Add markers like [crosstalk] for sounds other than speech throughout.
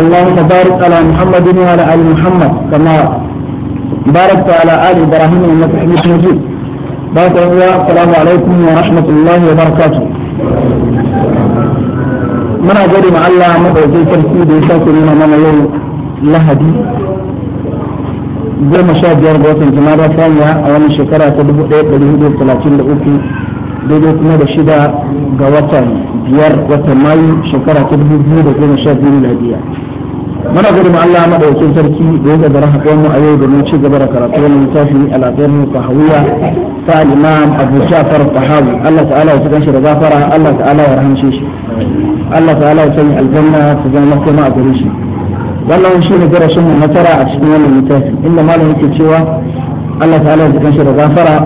اللهم بارك على محمد وعلى ال محمد كما باركت على ال ابراهيم انك حميد مجيد بارك الله السلام عليكم ورحمه الله وبركاته من اجل مع الله مدعوكي كرسي بيساكي لنا من يوم لهدي جو مشاهد جاربوتن جمالة ثانية أولا شكرا تدبو ايه بلهدو الثلاثين لأوكي daidai kuma da shida ga watan biyar watan mayu shekara ta dubu biyu da goma sha biyu miladiya muna gudu ma Allah madaukakin sarki da ya gagara haɗuwar mu a yau domin ci gaba da karatu wani littafi alaƙar mu fahawiya ta al-imam Abu Ja'far Fahawi Allah ta'ala ya tukan shi da gafara Allah ta'ala ya rahamshe shi Allah ta'ala ya sanya aljanna ta zama makoma a gare shi wannan shi ne darasin mu na tara a cikin wannan littafi inda malam yake cewa Allah ta'ala ya tukan shi da gafara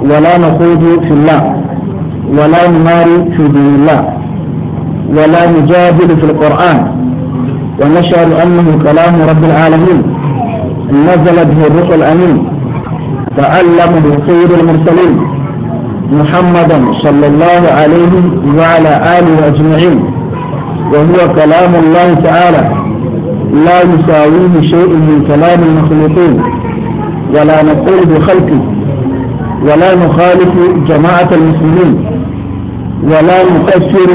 wala na nakhudu fillah ولا نماري في دين الله ولا نجادل في القرآن ونشهد أنه كلام رب العالمين نزل به الروح الأمين تعلم خير المرسلين محمدا صلى الله عليه وعلى آله أجمعين وهو كلام الله تعالى لا يساويه شيء من كلام المخلوقين ولا نقول بخلقه ولا نخالف جماعة المسلمين ولا نقصر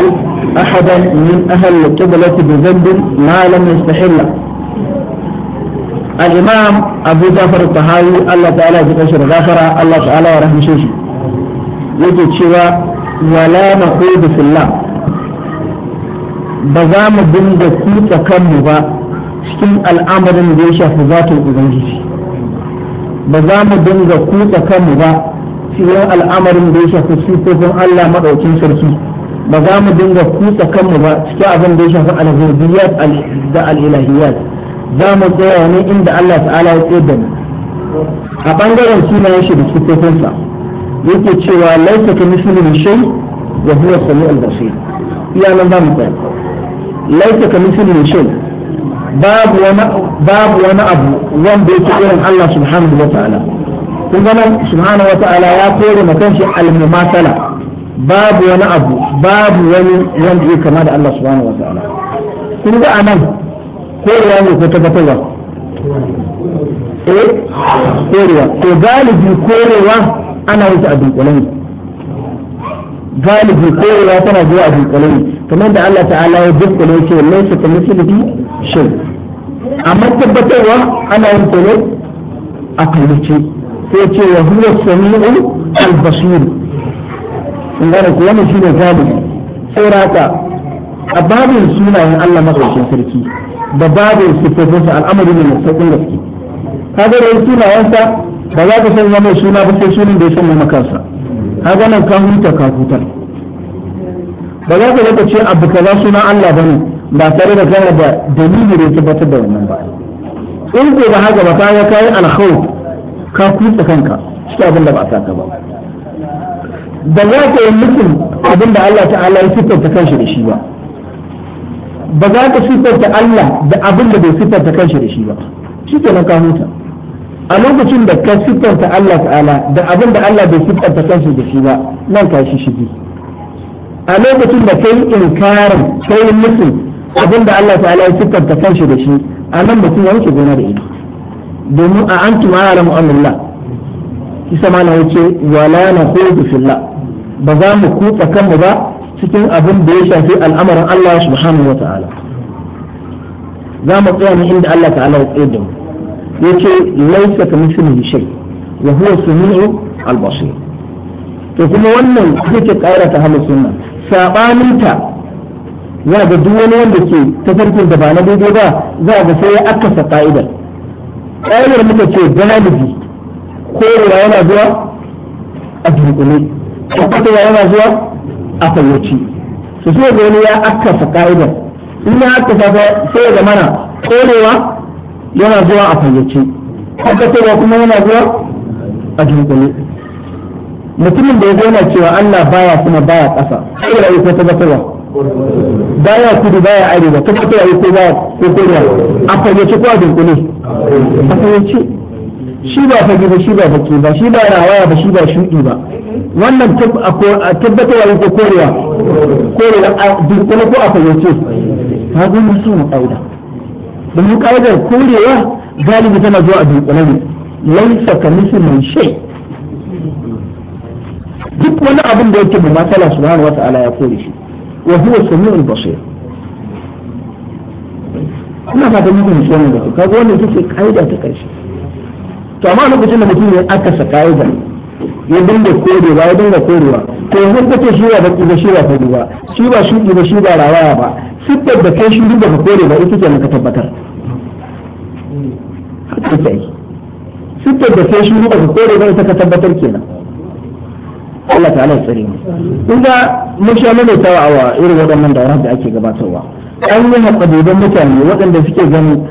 أحدا من أهل القبلة بذنب ما لم يستحله الإمام أبو جعفر الطهاوي الله تعالى في قصر الاخره الله تعالى ورحمه شوشي يقول شوى ولا نقود في الله بزام بن كم تكمبا شتم الأمر من ديشة في ذات الإبنجيش بزام بن جسي تكمبا cikin al'amarin da ya shafi sifofin Allah madaukin sarki ba za mu dinga kutsa kanmu ba cikin abin da ya shafi al da al-ilahiyat za mu tsaya ne inda Allah ta'ala ya tsaye da mu a bangaren sunayen shi da sifofinsa yake cewa laisa ka mislihi shay wa huwa samiul basir iya nan za mu tsaya laisa ka mislihi shay babu wani abu wanda yake irin Allah subhanahu wa ta'ala kun ga nan subhanahu ala ya kore makan shi almumasala babu wani abu babu wani wanda ya kama da Allah subhanahu wata'ala kun ga anan korewa ne ko tabbatarwa eh korewa to galibi korewa ana wuce a dunkule galibi korewa tana zuwa a dunkule ne kamar da Allah ta'ala ya dunkule ya ce laysa kamithlihi shay amma tabbatarwa ana yin ta ne a kallace sai ce wa huwa sami'u al-basir in gane ko wannan shine galibi sauraka a babin sunayen Allah madaukakin sarki da babin sifofin sa al'amari ne mai saukin gaske kaga da sunayen sa ba za ka sanya mai suna ba sai sunan da ya sanya maka sa kaga nan ka huta ka hutar ba za ka zaka ce abu kaza suna Allah bane ba tare da kana da dalili da ya tabbatar da wannan ba in ko ba haka ba ta ga kai al-khawf ka kutsa kanka shi abin da ba a saka ba ba za ka yi mutum abin da Allah ta'ala ya siffanta kanshi da shi ba ba za ka siffanta Allah da abin da bai siffanta kanshi da shi ba shi kenan ka huta a lokacin da ka siffanta Allah ta'ala da abin da Allah bai siffanta kanshi da shi ba nan ka shi shigi a lokacin da kai inkarin kai mutum abin da Allah ta'ala ya siffanta kanshi da shi a nan mutum ya wuce gona da ido domin a ya a'lamu amillah kisa ma na wuce wala na ba za mu kutsa kanmu ba cikin abin da ya shafi al'amarin Allah subhanahu wa ta'ala za mu tsaya ne inda Allah ta'ala ya tsaye da mu yace laysa kamithlihi shay wa huwa samiu al to kuma wannan yake kaira ta halin sunna saɓaninta ya ga duk wani wanda ke tafarkin da ba na daidai ba za ga sai ya akasa ka'idar ƙa'idar muka ce galibi korewa yana zuwa a dunkule tabbatarwa yana zuwa a fayyaci su sai gani wani ya akasa ƙa'idar in ya akasa ta sai ga mana korewa yana zuwa a fayyaci tabbatarwa kuma yana zuwa a dunkule mutumin da ya gona yana cewa Allah baya kuma baya ƙasa sai da ita tabbatarwa baya kudu baya arewa ta kafa yayi ko ba ko koriya a fayyace ko a dunkule a fayyace shi ba fage ba shi ba baki ba shi ba rawaya ba shi ba shuɗi ba wannan tabbata yayi ko koriya koriya a dunkule ko a fayyace ta gudu su mu ƙaida domin ƙaidar korewa galibi tana zuwa a dunkule ne laisa ka misilin shai duk wani abin da yake mu masala subhanahu wata'ala ya kore shi وهو السميع البصير ina fata muku mu tsoron da kaga wannan take kaida ta karshe to amma lokacin da mutum ya aka sa kaida ya dinga korewa ya dinga korewa to yanzu shi ba baki ba shi ba fadi ba shi shi ba rawaya ba siffar da kai shudi ba ka kore ba ita ce ka tabbatar haka ta yi siffar da kai shudi ba ka kore ba ita ka tabbatar kenan Allah ta'ala ya tsare mu kun ga mun sha maimaitawa a irin waɗannan daura da ake gabatarwa an yi haƙadudan mutane waɗanda suke gani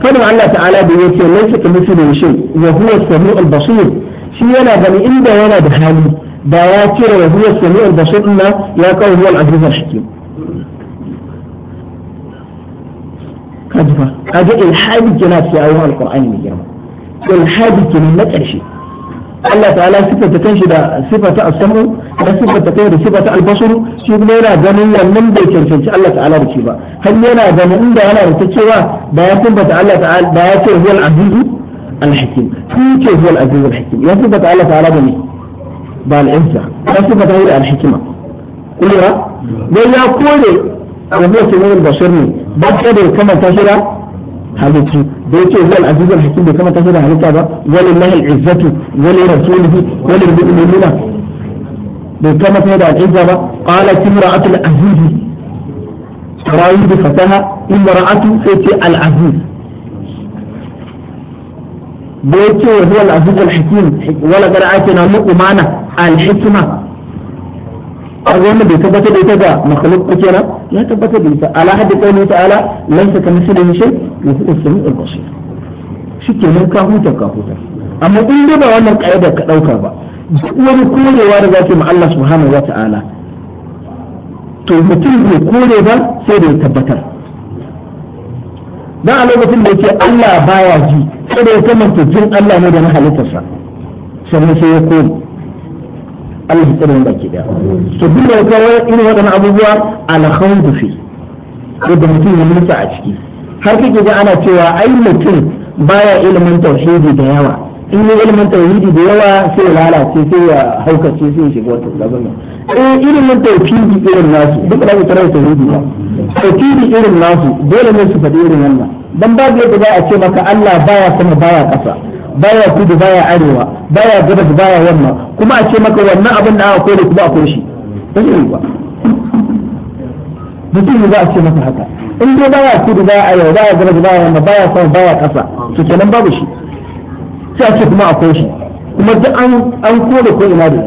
kada Allah ta'ala da yake laisa ka mutu da shi wa huwa sami'ul basir shi yana gani inda yana da hali da ya kira wa huwa sami'ul basir din ya kawo huwa al-azizar shiki kaji fa kaji ilhadi kina ce ayoyin alqur'ani mai girma ilhadi kina na ƙarshe Allah ta'ala sifata kanshi da sifata as-samu da sifata kai da sifata al-basar shi kuma yana ganin wannan bai cancanci Allah ta'ala da shi ba har yana ganin inda yana da ta cewa ba ya tabbata Allah ta'ala da ya ce huwal azizu al-hakim shi ce al-hakim ya sifata Allah ta'ala da ba al-insa ya sifata da al-hikima kullura dan ya kore abubuwa ne ba kada da kamanta shi halittu da yake wal azizul hakim bai kamata shi da halitta ba wani al-izzatu wani rasulihi wal mu'minina bai kamata da al-izza ba qalat imra'atul aziz rawi bi fataha imra'atu sai al-aziz da yake huwa al-aziz al-hakim wala qara'atina luqmana al-hikma kaga wannan bai tabbatar da ita ga makhluq kenan ya tabbatar da ita ala hadda qawli ta'ala laysa kamithlihi shi. wa huwa sami'ul basir shikenan ka huta ka huta amma in dai ba wannan kaida ka ɗauka ba duk wani korewa da zaki ma Allah subhanahu wa ta'ala to mutum bai kore ba sai da ya tabbatar dan a lokacin da yake Allah baya ji sai da ya kamanta jin Allah ne da na halittarsa sannan sai ya kore Allah ya tsare baki daya to duk da kawai irin waɗannan abubuwa alkhawdu fi yadda mutum ya mutu a ciki har kike ji ana cewa ai mutum baya ilimin tauhidi da yawa in yi ilimin tauhidi da yawa sai lalace sai ya haukace sai ya shiga wata gaban eh ilimin tauhidi irin nasu duk da tare da tauhidi ba tauhidi irin nasu dole ne su faɗi irin wannan dan babu da za a ce maka Allah baya sama baya ƙasa baya kudu baya arewa baya gabas baya wannan kuma a ce maka wannan abin da aka kore kuma a kore shi ba mutum ne za a ce maka haka in dai baya kudu baya a yau baya gaba baya yamma baya sama baya kasa to kenan babu shi sai a ce kuma akwai shi kuma duk an an kore ko ina da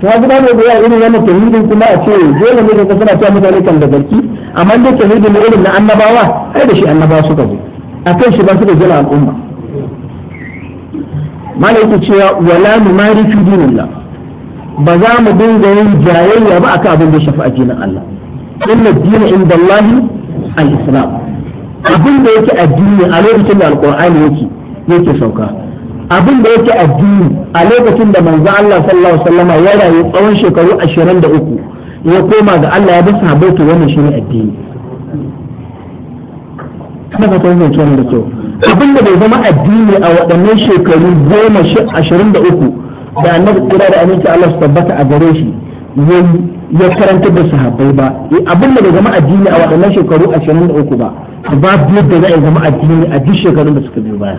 to ha guda da yawa irin wannan tauhidin kuma a ce dole ne ka suna cewa mutane kan da barki amma dai tauhidin irin na annabawa ai da shi annabawa suka zo akan shi ba suka jira al'umma malaka cewa wala numari fi dinillah ba za mu dinga yin jayayya ba akan abin da ya shafi addinin Allah inna dina inda Allah al-islam abin da yake addini a lokacin da alkur'ani yake yake sauka abin da yake addini a lokacin da manzo Allah sallallahu alaihi wasallama ya rayu tsawon shekaru 23 ya koma ga Allah ya bi sahabbai to wannan shine addini kuma ka da kyau abin da bai zama addini a waɗannan shekaru goma ashirin da uku da annabi kira da aminci Allah su tabbata a gare shi yayi ya karanta da sahabbai ba eh, abin da bai zama addini a waɗannan shekaru da uku ba babu yadda za a zama addini a duk shekarun da suka biyo baya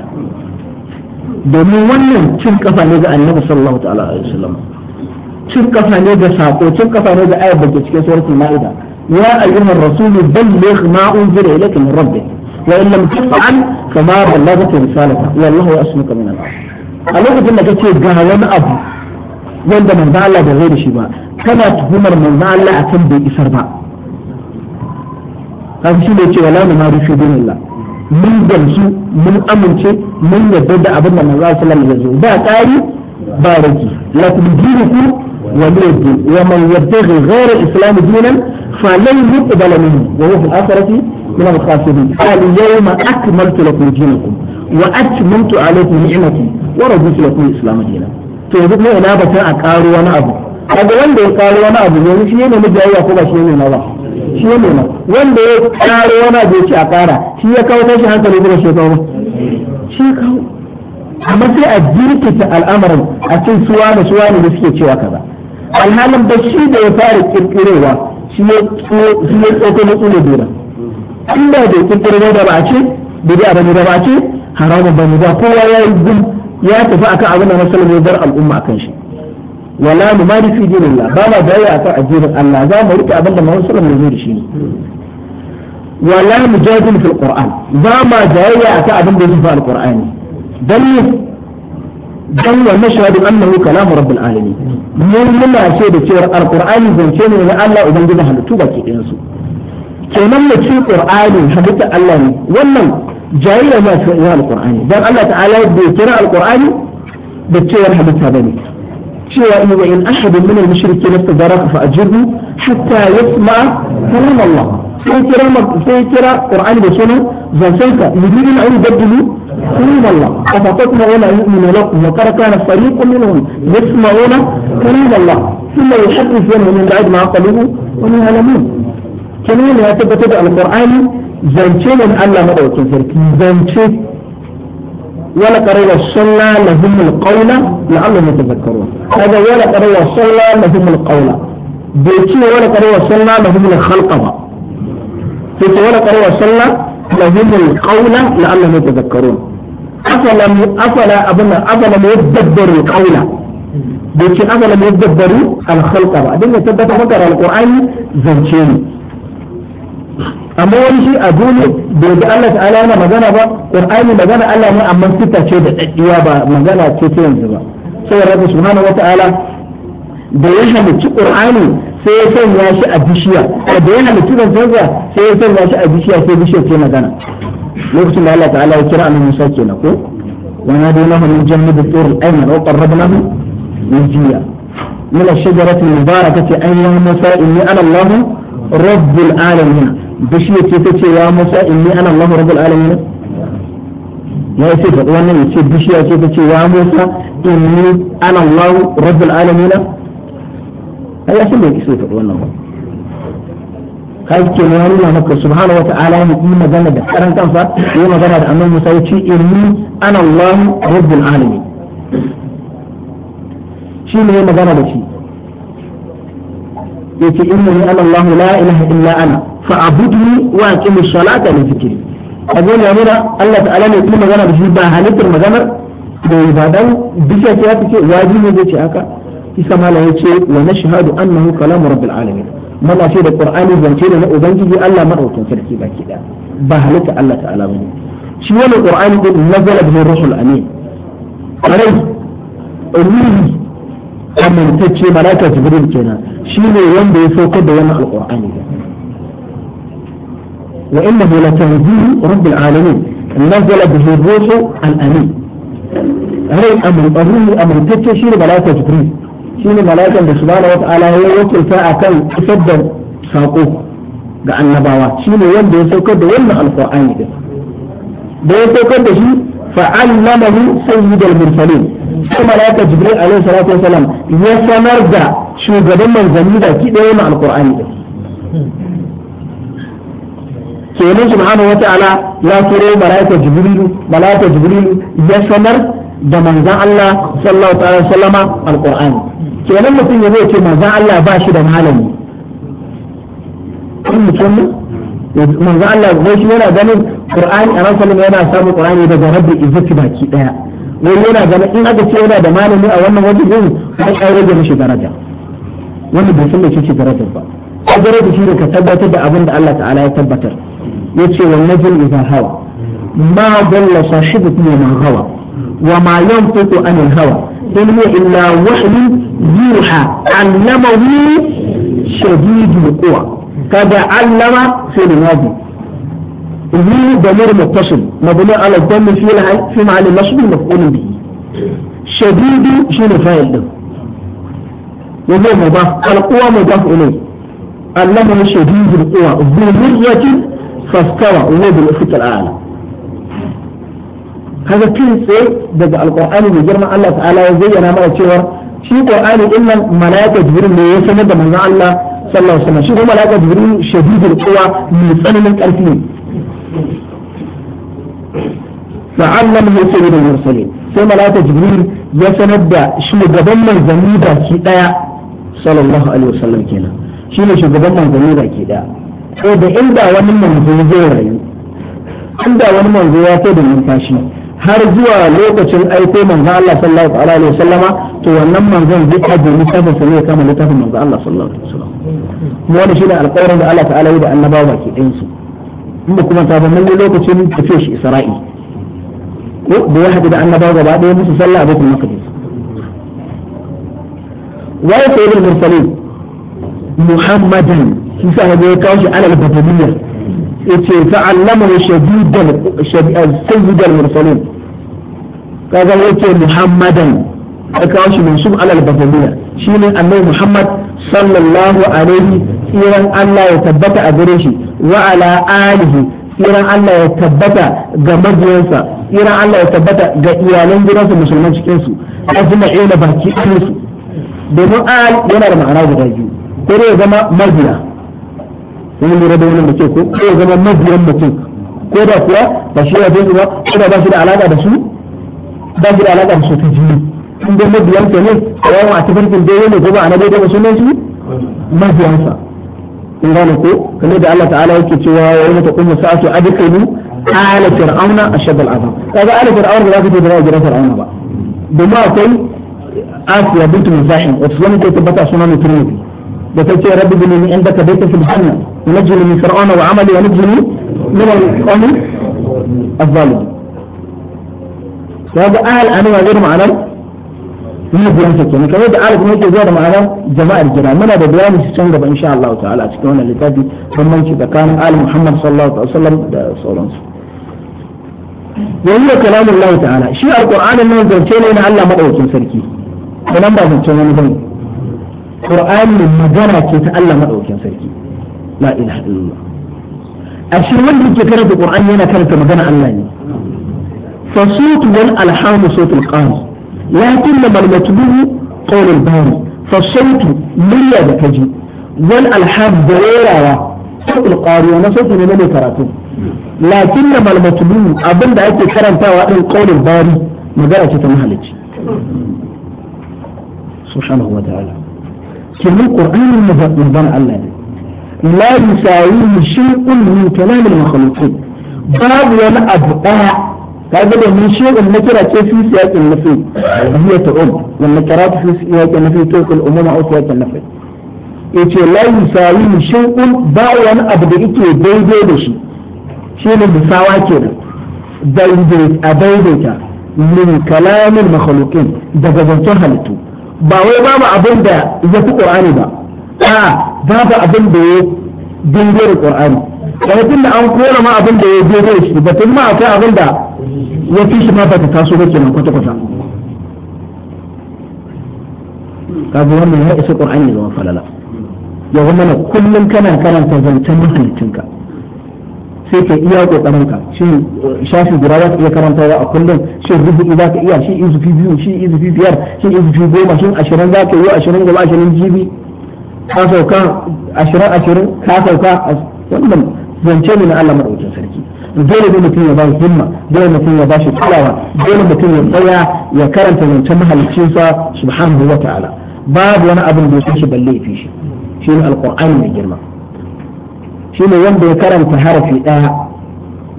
domin wannan cin kafa ne ga annabi sallallahu ta'ala alaihi wasallam cin kafa ne ga sako cin kafa ne ga ayar da ke cikin suratul maida ya ayyuhar rasulu balligh ma unzila ilayka min rabbik wa in lam taf'al fama ballaghta risalata wallahu yasmuka min al-ard a lokacin da kace ga wani abu wanda manzo Allah bai zai da shi ba kana tuhumar manzo Allah akan bai isar ba kaga shi ne cewa la mu ma rufi billah mun gamsu mun amince mun yarda da abin da manzo sallallahu alaihi wasallam ya zo ba tsari ba rage lakum dinukum wa liyadin wa man yabtaghi ghayra islam dinan falan yuqbal minhu wa huwa fil akhirati من الخاسرين قال اليوم أكملت لكم دينكم وأتممت عليكم نعمتي ورضيت لكم الإسلام دينا to yanzu kuma ina batun a ƙaro wani abu kaga wanda ya kare wani abu ne shi ne mu jayayya ko ba shi ne na ba shi ne na wanda ya kare wani abu ya ci a kara shi ya kawo tashi hankali ko ba shi ya kawo shi kawo amma sai a jirkita al'amarin a cikin suwa da suwa ne da suke cewa kaza alhalin ba shi da ya fara kirkirewa shi ya tsoko na tsule dora inda da ya kirkiro da ba a ce bidi bane da ba a ce haramun bane ba kowa ya yi gum ya tafi akan abin da masalmi ya bar al'umma akan shi wala mu mari fi dinillah ba ma bayi a kan addinin Allah za mu rike abinda Muhammad sallallahu alaihi wasallam ya shi ne wala mu jadil fil qur'an ba ma jayayya a kan abinda yake fil qur'ani dan dan wa nashhadu annahu kalam rabbil alamin mun muna ce da cewa alqur'ani zance ne na Allah ubangiji halittu baki ɗayan su kenan mu ci qur'ani halitta Allah ne wannan jayayya ma ce alqur'ani dan Allah ta'ala bai kira alqur'ani da cewa halitta bane شيئا وإن يعني أحد من المشركين استجارك فأجره حتى يسمع كلام الله سي ترى سي ترى قرآن بسنة زنسنك يريد أن يبدلوا كلام الله أفتطمعون ولا يؤمنوا لكم وكرا كان فريق منهم يسمعون كلام الله ثم يحدثون من بعد ما قالوه ومن يعلمون كلام يعتبر تبع القرآن ان الله مدعوكم فريق زنسنك ولا قرينا السنة لهم القول لعلهم يتذكرون هذا ولا قرينا السنة لهم القول بيتي ولا قرينا السنة لهم الخلق با ولا قرينا السنة لهم القول لعلهم يتذكرون أفلا أفلا أبنا أفلا يتدبر القول بيتي أفلا يتدبر الخلق بعدين دين يتبت القرآن زنشيني amma wani shi a dole bai ga Allah ta'ala yana magana ba qur'ani magana Allah ne amma sita ce da daddiya ba magana ce ta yanzu ba saboda Allah subhanahu wata'ala da ya halicci qur'ani sai ya sanya shi a bishiya da ya halicci zanzanza sai ya sanya shi a bishiya sai bishiya ce magana lokacin da Allah ta'ala ya kira annabi Musa kenan ko wa nadaynahu min jannati tur al-ayman wa qarrabnahu najiya من الشجرة المباركة أن يا موسى إني أنا الله رب العالمين bishiya ce ta ce ya musa inni ana Allah rabbul alamin ya ce ka wannan ya ce bishiya ce ta ce ya musa inni ana Allah rabbul alamin ai ya san me so ta wannan ba kai ke ne Allah maka subhanahu wata'ala ne yi magana da karan kansa yi magana da annabi Musa yace inni ana Allah rabbul alamin shi ne magana da shi yace inni ana Allah la ilaha illa ana fa abudni wa aqimu salata li zikri abin ya nuna Allah ta'ala ne kuma magana da shi ba halittar maganar da ibadan bisa ce ya fice wajibi ne zai ce haka isa mala ya ce wa nashhadu annahu kalamu rabbil alamin mana ce da qur'ani zance da na ubangiji Allah madaukakin sarki baki da ba halitta Allah ta'ala bane shi wannan qur'ani din amin kenan shi ne wanda ya saukar da wannan alqur'ani وإنه لتنزيل رب العالمين نزل به الروح الأمين هاي أمر الروح أمر تتشير شيل ملائكة جبريل شيل ملائكة سبحانه وتعالى هي وكل فاعة تفضل ساقوه ga annabawa shi ne wanda ya saukar da wannan alkur'ani din da ya saukar da shi fa'allamahu sayyidul mursalin sai malaika jibril alaihi salatu wasalam ya sanar da shugaban manzanni da ki daya na alkur'ani din kenan subhanahu wata'ala ya turo malaika jibrilu malaika jibrilu ya sanar da manzon Allah sallallahu alaihi wasallama alqur'ani kenan mutum ya zai ce manzon Allah ba shi da malami kun mutum manzon Allah zai shi yana ganin qur'ani a rasulun yana samu qur'ani daga rabbi izzati baki daya wani yana ganin in aka ce yana da malami a wannan wajen din ai ai rage shi daraja wanda bai san me ce darajar ba darajar shi ne ka tabbatar da abin da Allah ta'ala ya tabbatar يتشي والنجل إذا هوى ما ضل صاحبكم وما غوى وما ينطق عن الهوى إن هو إلا وحي يوحى علمه شديد القوى قد علم في الماضي إذن دمير متصل ما على الدم في الهي في معنى النصب مفعول به شديد شن فاعل له وهو مضاف القوى مضاف إليه علمه شديد القوى ذو مرة فاستوى وهو بالأفق الأعلى هذا كل شيء بدأ القرآن بجرم الله تعالى وزي أنا مرة شهر شيء قرآن إلا ملائكة جبريل ليسنا من الله صلى الله عليه وسلم شيء ملائكة جبريل شديد القوى من سنة من الألفين فعلمه سيد المرسلين sai malaka jibril ya sanar da shugaban manzanni صلى الله عليه وسلم wasallam شو shine shugaban manzanni baki daya ko eh, da inda wani manzo zai rayu inda wani manzo ya kai da numfashi har zuwa lokacin aiko manzo Allah sallallahu alaihi wasallama to wannan manzon zai kaje littafin sa ne kama littafin manzo Allah sallallahu alaihi wasallam mu wani shine alƙawarin da Allah ta'ala ya da annabawa ke ɗayan su inda kuma ta ban lokacin tafiyar shi Isra'i ko da ya haɗu da annabawa gaba ɗaya musu sallah a bakin makadis wa ya sayyidul mursalin muhammadan shi sa ga ya kawo shi alal fatabiyya yace ta'allama shadidan eh, sayyidul mursalin kaga yake muhammadan ya kawo shi mansub alal fatabiyya shine annabi muhammad sallallahu alaihi tsiran Allah ya tabbata a gare shi wa ala alihi tsiran Allah ya tabbata ga mabiyansa tsiran Allah ya tabbata ga iyalan gidansa musulman cikin su ajma'ina baki ɗayan su domin al yana da ma'ana guda biyu ko dai ya zama mabiya mun lura da wannan da ke ko ko zama mabiyan mutum ko da kuwa ba shi ya dinga ba ko da ba shi da alaka da su ba shi da alaka da su ta jini in da mabiyan ta ne ko a tafarkin dai ne ko ba ana da ba sunan su mabiyan sa in gane ko kamar da Allah ta'ala yake cewa wa yawma taqumu sa'atu adkhilu ala fir'auna ashad al'azab kaga ala fir'auna ba za ka je da gidan fir'auna ba domin akwai asiya bintu muzahim wata sunan ke tabbata sunan turmi da ta ce rabbi bin ni indaka baita fil janna najini min fir'auna wa amali wa najini min al-qawmi az-zalim kaga ahal anwa zai ma'anar mun biyan sa kenan kamar da ahal kuma yake zuwa da ma'anar jama'ar jira muna da bayani su can gaba insha Allah ta'ala cikin wannan littafi bambanci tsakanin ahal Muhammad sallallahu alaihi wasallam da sauransu yanzu da kalamun Allah ta'ala shi alqur'anin nan zance ne na Allah madaukakin sarki nan ba zancen wani bane ƙur'anin magana ce ta Allah maɗaukin sarki la ilaha illallah a shi wanda yake karanta ƙur'ani yana karanta magana Allah ne fasutu wal alhamu sautul qaz lakin ma bal matbu qawl al bari fasutu murya da kaji wal alhamu da rawa sautul qari wa sautul ne ne karatu lakin ma bal abinda ake karantawa din qawl al bari magana ce ta mahalici subhanahu شنو القرآن المبان الله لا يساوي شيء من كلام المخلوقين باب ولا أبقاء هذا له من شيء النكرة في سياق النفي هي تؤم والنكرات في سياق النفي تلك الأمومة أو سياق النفي يقول لا يساوي شيء باب ولا أبقاء بيدي بشي شيء من بساوا كده دايدي أبيدي من كلام المخلوقين دايدي تهلتو ba wai babu abin da ya fi ƙorani ba a babu abin da ya dinge da qur'ani kuma da an kora ma abin da ya dinge shi ba tun ma akwai abin da ya fi shi ma ba ta taso ba kenan kwata kwata kaga wannan ya isa ƙorani zama falala ya zama kullum kana karanta zancen mahalicinka sai ka iya kokarin ka shin eh, shafi guda za ka iya karantawa a kullum shin rubutu za ka iya shi fi biyu shi fi biyar shi fi goma shin ashirin za ka yi ashirin goma ashirin jibi ka sauka ashirin ashirin ka sauka wannan zance ne na Allah madaukakin sarki dole ne mutum ya ba shi himma dole mutum ya ba shi kulawa dole mutum ya tsaya ya karanta zancen mahaliccinsa subhanahu wa ta'ala babu wani abin da ya shi balle ya fi shi shi ne alqur'ani mai girma shine wanda ya karanta harafi ɗaya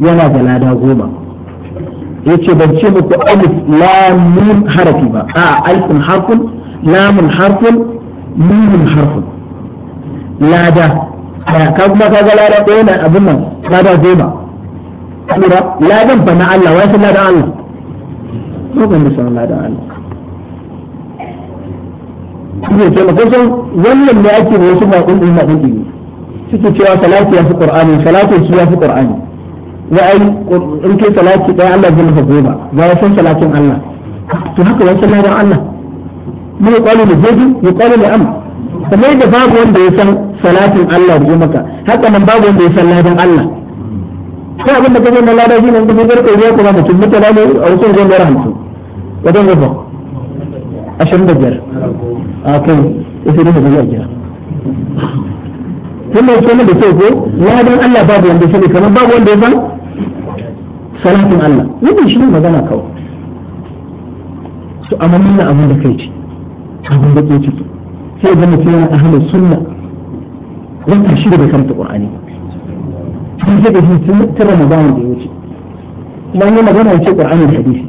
yana da lada goma Ya ce ban ce muku alif lamun harafi ba a alifin harfin lamun harfin mimin harfin lada ka kuma ka ga lada ɗaya na abin nan lada goma lura ladan ba na Allah wai san lada Allah ko ban da san lada Allah kuma ce ko kusan wannan ne ake wasu ma kun din ma ne? suke cewa salati ya fi qur'ani salatin shi ya fi qur'ani wa ai in kai salati dai Allah zai maka goma ga wasan salatin Allah to haka wasan da Allah mu ya kwalu da jeji ya kwalu da am kamar da babu wanda ya san salatin Allah da maka haka nan babu wanda ya san ladan Allah ko abin da kake nan ladan shine da kaje ko ya kuma mutum mutala ne a wasu zan da rahmatu wadan gaba 25 a kai sai da zai ga kun mai kenan da ko ladan Allah babu wanda sani kamar babu wanda ya san salatin Allah wannan shi ne magana kawai su amma abin da kai ci abin da ke ciki sai ga mutum yana ahlus sunna wata shi da bai karanta qur'ani sun ce da shi sun tara magana da ya wuce magana ya ce qur'ani da hadisi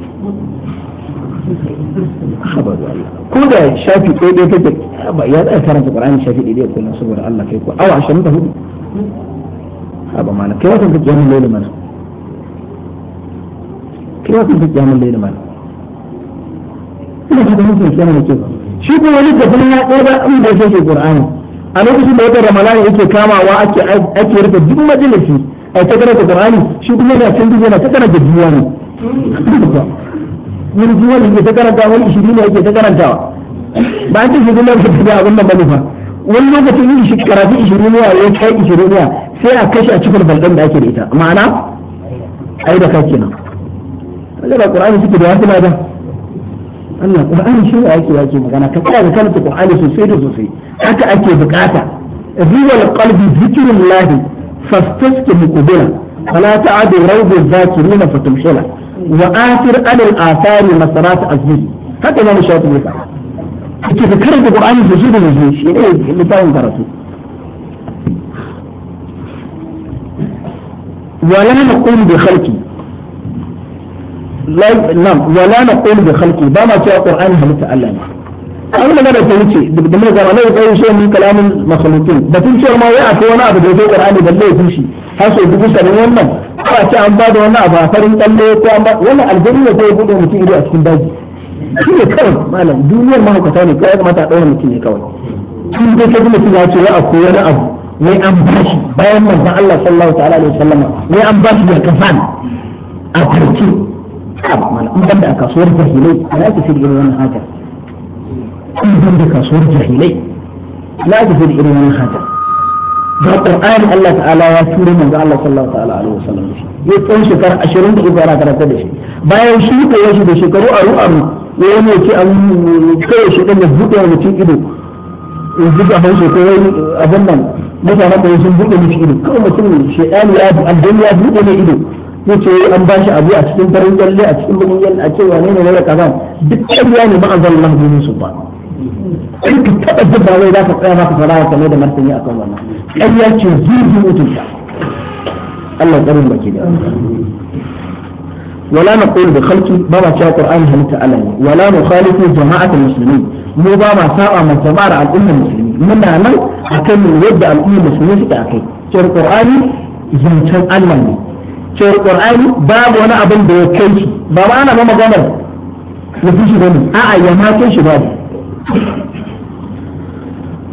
ko da shafi ko dai kake ya tsaya karanta qur'ani shafi dai kullum saboda Allah kai ko awa 24 haba mana kai wata kake yamin laila mana kai wata kake yamin laila mana ina ji da mutum yana da kyau shi ko wani da kuma ya tsaya in da yake qur'ani a lokacin da wata ramadana yake kamawa ake ake rufe duk majalisi ai ta karanta qur'ani shi kuma yana can duk yana ta karanta duwa ne wani wani ke ta karanta wani ishirin ne ke ta karantawa ba an ishirin ne ke ta abin nan manufa wani lokacin yin shi karatu ishirin ne ya kai ishirin ne sai a kashe a cikin baldan da ake da ita ma'ana ai da kake nan kaga da qur'ani suke da wasu ladan Allah qur'ani shi ne ake yake magana ka tsaya ka karanta qur'ani sosai da sosai haka ake bukata riwal qalbi zikrullahi fastasqimu qubila فلا تعد روض الذاكرين فتمشلا وآثر على الآثار مسرات أزمه حتى ما الشاطبي قال كيف كرت القرآن في جيد الجيش إيه اللي تاون قرأته ولا نقوم بخلقي لا نعم ولا نقوم بخلقي بما جاء القرآن هل تألمه أنا ما أنا بقول شيء بدي أنا القرآن يقول شيء أنا كلام المخلوقين بتقول شو ما يعرف وانا بدي أقول القرآن بدل أي شيء هسه بقول شو من ما أنا كأن بعد وانا بعفرين تلي كأن بعد وانا الجري ما تقول بدو متي إلي أتكلم بعدي كل كلام ما له الدنيا ما هو كتاني كل ما تعطوه متي كلام كل ده كده متي لا شيء أقوى أنا أبو مي أمبارح بيان ما زال الله صلى الله تعالى عليه وسلم مي أمبارح يا كفان أقرأ شيء كلام ما له مبدأ كسور فهيلي لا تفيد غير هذا kun da kasuwar jahilai la tafi irin wani haka ga qur'ani Allah ta'ala ya tura manzo Allah sallallahu ta'ala alaihi wasallam ya tsawon shekara 23 ana karanta da shi bayan shi ka yashi da shekaru aru aru ya yi mai ce an kawai shi buɗe wa mutum ido in buga ko wani abin nan mutanen da sun buɗe mutum ido kawai mutum ya ya buɗe mai ido an ba shi abu a cikin farin kyalle a cikin bugun kyalle a cewa ne ne ne kaza duk kyalle ne ma'azan Allah ne su ba in ka taɓa jin ba wai za ka tsaya maka fara wa da martani a kan wannan ƴan ya ce zuzu mutunta Allah ya karin baki da wala na kowar da halki ba ma cewa ƙwar'an Allah ne wala mu khalifin jama'atul musulmi mu ba ma saba ma jama'ar al'ummar musulmi muna nan a kan yadda al'ummar musulmi suke a kai cewar ƙwar'ani zancen Allah ne cewar ƙwar'ani babu wani abin da ya kai shi ba ma ana ba maganar mutum shi ba ne a'a ya ma kai shi babu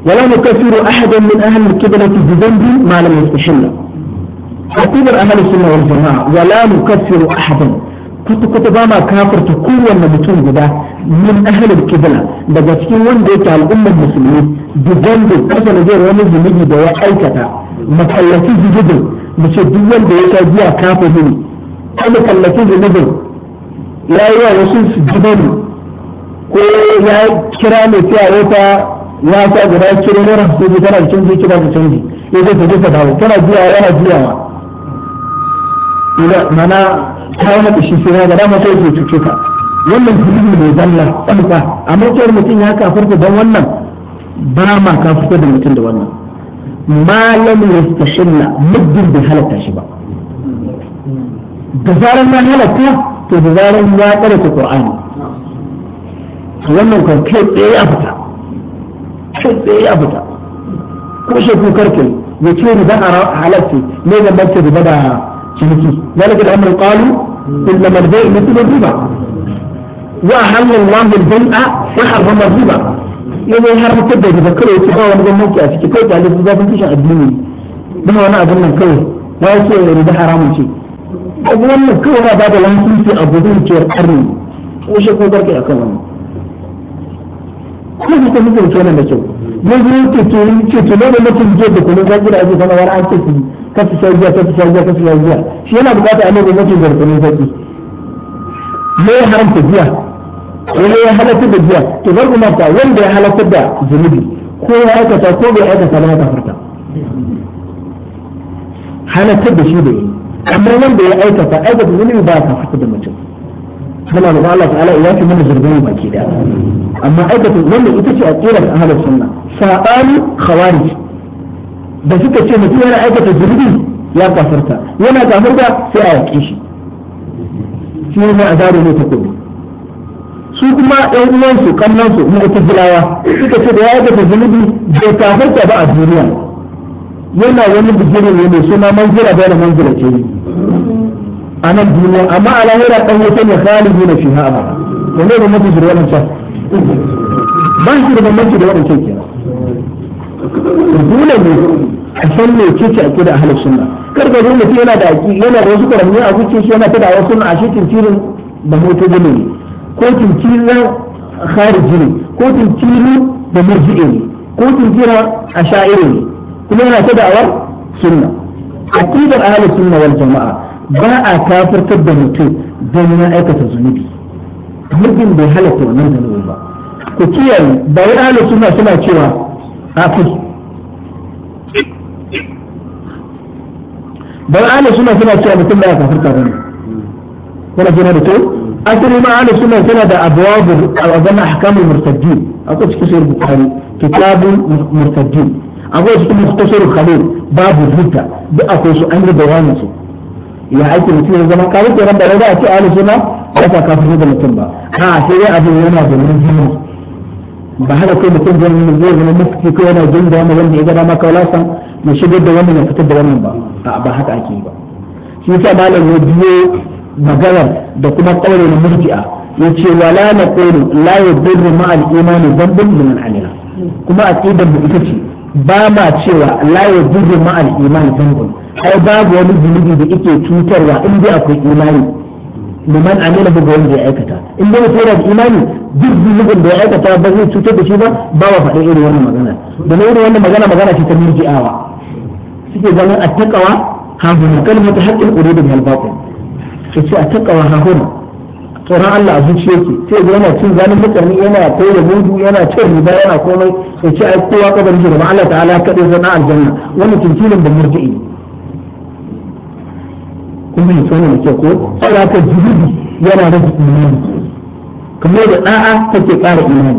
ولا نكفر أحدا من أهل الكبرة بذنب ما لم يستحل عقيدة أهل السنة والجماعة ولا نكفر أحدا كنت كنت باما كافر تكون مبتون بدا من أهل بدأ تكون كنت ونديك على الأمة المسلمين بذنب أصلا غير ومن ذنبي دواء أيكتا مكلفين بجدل مش الدول بيكا جوا كافر مني أنا كلفين بجدل لا يا رسول في ko ya kira mai tsaya wata ya sa guda kiro mara sai tana canji kira da canji ya zai ta jefa dawo tana juya yana juyawa ila mana ta mata shi sai ga dama sai yake cuce wannan wannan hadisi mai zalla tsanta amma kiyar mutum ya kafurta don wannan ba ma kafurta da mutum da wannan ma lam yastashilla muddin bai halatta shi ba da zarar ya halatta to da zarar ya tsare ta qur'ani wannan kan kai tsaye ya fita kai tsaye ya fita ko shi ku karkin ya ce riba a halarci ne da mace riba da ciniki zalika da amru qalu illa man bai'a mithlu riba wa halal Allah bil bai'a wa harrama riba yana haramta da riba kawai ce ba wani gwamnati a ciki kai da su zafin kishin addini ba wani abin nan kawai wa yake riba haramun ce abu wannan kawai na ba da wani sunci a gudun cewar karni ko shi ko barkai akan wannan ko su tafi kyau kenan da kyau ne yake ke yake ne da mutum je da kuma zaki da ake kana wani ake ki ka su shagiya ka su shagiya ka su shagiya shi yana bukata a ne da mutum da zaki ne ya haramta giya ne ya halatta da giya to bar kuma ta wanda ya halatta da zunubi ko ya aikata ko bai aikata ba ya kafarta halatta da shi da yi amma wanda ya aikata aikata zunubi ba ya kafarta da mutum muna da Allah ta'ala ya fi mana zurgin baki da amma aikata wanda ita ce a tsirar ahlus sunna sabani khawarij da suka ce mutum yana aikata zurbi ya kafarta yana kafarta sai a yaƙe shi shi ne a zaro ne ta kudu su kuma ɗan uwansu kallon su mu'tazilawa suka ce da ya aikata zunubi bai kafarta ba a duniya yana wani bijirin ne mai suna manzila bai da manzila ce a nan duniya amma a lahira ɗan wuta ne khalidu na fiha ba to ne bambanci shi da wannan ba shi da bambanci da wannan can kenan dole ne a san me kike a kida ahlus sunna kar ka zo mutum yana da aki yana da wasu karami a kuke shi yana ta da wasu a shi tinkirin da mota gane ne ko tinkirin khariji ne ko tinkirin da murji'i ne ko tinkirin asha'iri ne kuma yana ta da'awar sunna aqidar ahlus sunna wal jama'a ba a kafirtar da mutum don ya aikata zunubi mutum bai halatta wannan zunubin ba ku kiyaye ba wai ahlus sunna suna cewa kafir ba wai ahlus sunna suna cewa mutum ba kafirta ba ne kuna jina da to asiri ma ahlus sunna suna da a abwan ahkamul murtaddin akwai cikin sahih bukhari kitabul murtaddin akwai cikin mukhtasarul khalil babu hudda duk akwai su an yi bayanin su ya aiki mutum ya zama kafin kenan ba da a ce ahli sunna ba ta kafin da mutum ba a sai dai abin yana da mun ba haka kai mutum zai zama mufti ko yana jin da mu wanda ya ga dama kawai san mu shigar da wannan ya fitar da wannan ba a ba haka ake ba shi yasa malam ya biyo maganar da kuma kaure na murji'a yace wala naqulu la yadurru ma al-imani dhanbun liman amila kuma aqidan mu ita ce ba ma cewa la yadurru ma al-imani dhanbun ai babu wani zunubi da yake cutarwa in dai akwai imani liman amina bi ga wanda ya aikata in dai mutum yana da imani duk zunubin da ya aikata ba zai cutar da shi ba ba wa faɗin irin wannan magana da na irin wannan magana magana ce ta murji'awa suke ganin attaqawa hahuna kalmatu haqqin uridu bil batil ce taƙawa hahuna tsoron Allah a zuciyarki sai ga yana cin zanen mutane yana kai da mudu yana cin riba yana komai sai ce ai kowa kabarin shi da Allah ta'ala kadai zana aljanna wannan tuntunin da murji'i kun bai tsona da ke ko sai haka jihudi yana da imani kamar da da'a take ƙara imani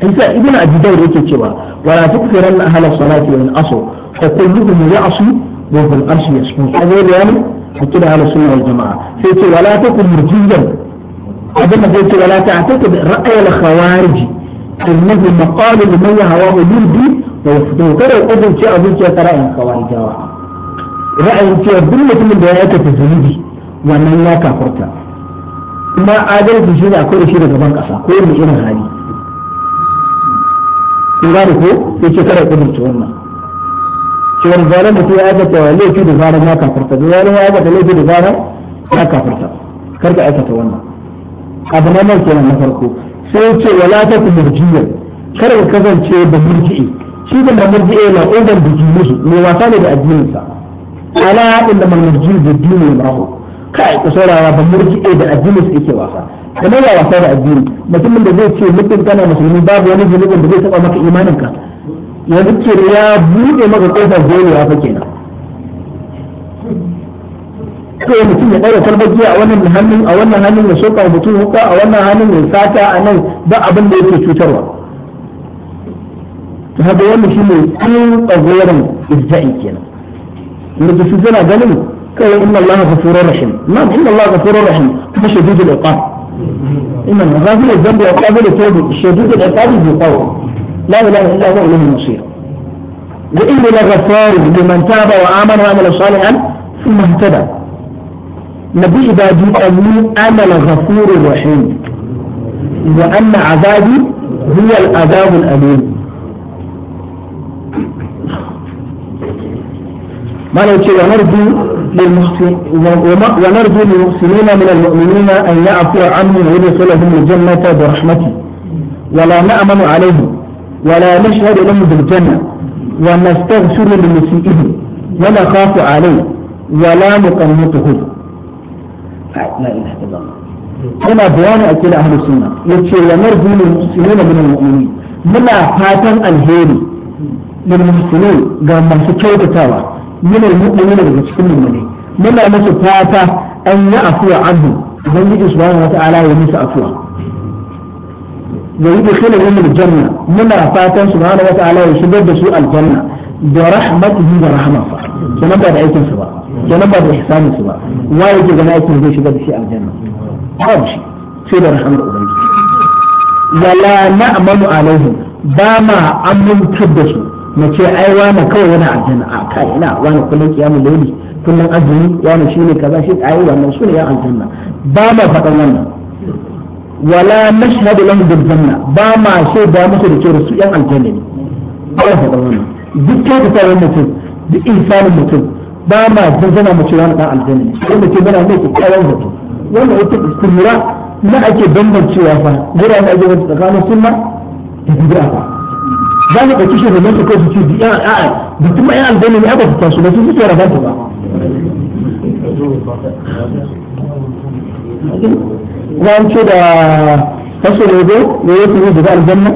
isa ibnu abi dawud yake cewa wala tukfiranna ahla salati wal asr fa kulluhum ya'su wa fil arshi yasmun kaza da yana akida ahla sunna wal jamaa sai ce wala takun murjidan abin da sai ce wala ta'taqid ra'ay al khawarij innahu maqalu liman yahawa yurdi wa yafdu kada ku ce abin ce ra'ayin khawarijawa ra'ayin cewa duk mutumin da ya aikata zunubi wannan ya kafarta kuma adalci shi ne akwai shi da gaban kasa ko wani irin hali kun gane ko sai ce kada kudurci wannan cewar zaran mutum ya aikata laifi da zaran ya kafarta da zaran ya aikata laifi da zaran ya kafarta ka aikata wannan abu na nan kenan na farko sai ce wala ta kumurjiyar kada ka kasance da murji'i shi da murji'i na uban da musu mai wasa ne da addininsa ala inda mamurji da ya rahu kai ku saurara ba murji da addini su yake wasa kamar ya wasa da addini mutumin da zai ce mutum kana musulmi babu wani zunubin da zai taɓa maka imanin ka yanzu ke ya buɗe maka kofar zai fa kenan ko mutum ya ɗaura tarbajiya a wannan hannun a wannan hannun ya soka mutum huka a wannan hannun ya sata a nan ba abin da yake cutarwa to haka wannan shine tsagoran irja'i kenan يرد في زنا قالوا كي إن الله غفور رحيم ما نعم، إن الله غفور رحيم كما شديد العقاب إما غافل الذنب وقابل التوبة شديد العقاب يقوى لا إله إلا هو له المصير وإني لغفار لمن تاب وآمن وعمل صالحا ثم اهتدى نبي عبادي قالوا أنا لغفور رحيم وأن عذابي هو العذاب الأليم ما لو ونرجو ونرجو للمحسنين من المؤمنين أن يعفو عنهم ويدخلهم الجنة برحمته ولا نأمن عليهم ولا نشهد لهم بالجنة ونستغفر لمسيئهم ونخاف عليه ولا نقنطه لا إله إلا الله yana bayani a kila ahlus sunna yace wa narju lil muslimin min al mu'minin muna fatan alheri min al-mu'minin daga cikin mu'mini muna musu fata an yi afuwa anhu ubangiji subhanahu wata'ala ya musu afuwa wa yudkhiluhum al-janna muna fatan subhanahu wata'ala ya shigar da su aljanna da rahmatihi da rahmatsa kenan ba da aikin ba kenan ba da ihsanin su ba wa yake gana sai da ba ma mu ce ai wani kawai yana aljanna a kai ina wani kullum kiyamul laili kullum azumi wani ne? kaza shi ai wannan ne ya aljanna ba ma faɗan wannan wala nashhadu lahum bil janna ba ma shaida musu da cewa su yan aljanna ne ba ma faɗan wannan duk ta da sai mutum duk insanin mutum ba ma zanzana mu ce wani dan aljanna ne wanda ke bana ne kyakkyawan zato wannan ita kumura na ake bambancewa fa gurare ake tsakanin sunna da bid'a za su ɗauki shi da su kai su ci bi a a da kuma ya aljanna ne aka fita su ba su suke rabar ba zan ce da kasu rogo ne ya fi da aljanna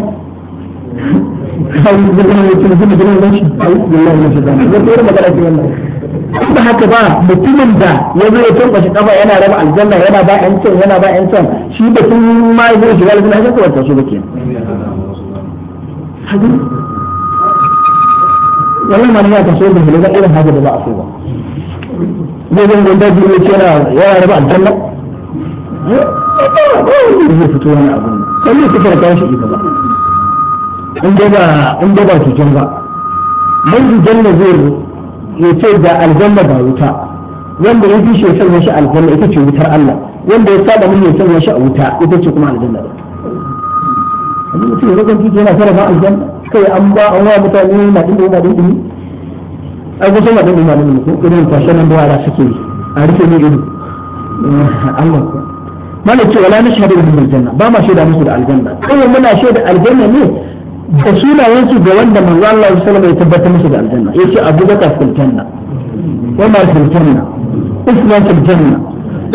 kawai da zama yake zama gina zan shi a yi zama yana shi zama zan tsere magana ce ba haka ba mutumin da ya zo ya tunka shi kafa yana raba aljanna yana ba 'yancin yana ba 'yancin can shi batun ma ya zo shi shiga aljanna haka kawai ta so ba ke wannan ma ya taso da hulun irin haka da ba a so ba zai zan gwanda biyu ya ce yana da ba raba aljanna zai fito wani abu sai ya fitar kawo shi ita ba in dai ba in dai ba cutar ba mai janna zai ya ce da aljanna ba wuta wanda ya fi shi ya sanya shi aljanna ita ce wutar Allah wanda ya saba mun ya sanya shi a wuta ita ce kuma aljanna ba yanzu mutum ya kan titi yana sarrafa aljanna kai an ba an wa mutane na dinda yana dinda ne ai kusan na dinda yana dinda ko irin tashe nan da suke yi a rufe ne ido Allah ko malaka ce wala nashhadu bil aljanna ba ma shaida musu da aljanna kai muna shaida aljanna ne da sunayensu ga wanda manzo Allah sallallahu alaihi wasallam ya tabbata musu da aljanna yace Abu Bakar fil janna Umar fil janna Usman fil janna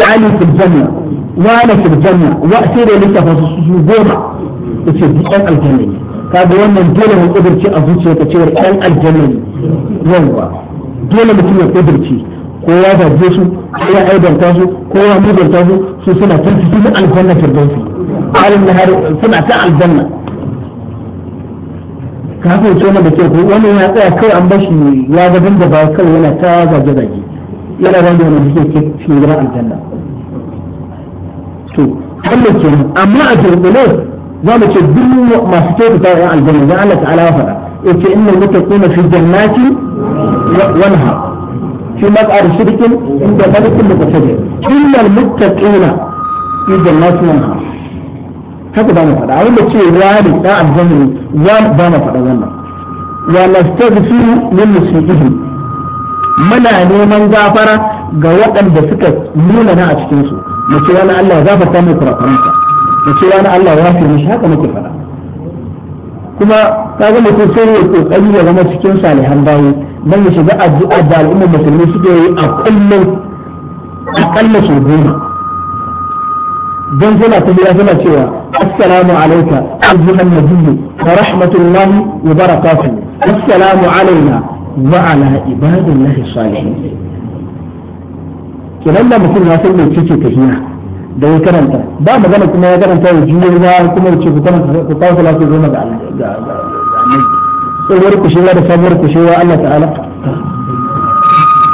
Ali fil janna Wala fil janna wa sai da lissafa su goma yace duk ɗan aljanna ne kaga wannan dole mu kudurci a zuciya ka cewa ɗan aljanna ne yawa dole mutum ya kudurci ko ya gaje su ko ya aibanta su ko ya mudanta su su suna ta cikin aljanna firdausi alin nahar suna ta aljanna ka haka yace wannan da ke ko wani ya tsaya kai an bashi ya ga da ba kai yana ta zage zage yana ba da wani wannan yake cikin aljanna to Allah kenan amma a jirgin za mu ce duk masu kyautata yan aljanna dan Allah ta'ala ya faɗa yace innal muttaqina fi jannati wa nahar fi maq'ad shirkin inda malikin mutasaddi innal muttaqina fi jannati wa nahar haka ba mu faɗa abin da ce wani dan aljanna mu faɗa wannan muna neman gafara ga waɗanda suka nuna na a cikinsu mace wani Allah ya gafarta mu kurakuransa da cewa Allah ya fi mishi haka muke faɗa kuma kaga mutum sai ya kokari ya zama cikin salihan bayi dan ya shiga addu'a da al'ummar musulmi suke yi a kullum akalla sau goma don suna tafiya suna cewa assalamu alaika ayyuhan nabiyyu wa rahmatullahi wa barakatuh assalamu alaina wa ala ibadillahi salihin kiran da mutum ya san me kike tafiya da ya karanta ba magana kuma ya karanta ya juyo ba kuma ya ce ku karanta ku kawo salatu zama ga annabi tsohuwar kushewa da sabuwar kushewa Allah ta'ala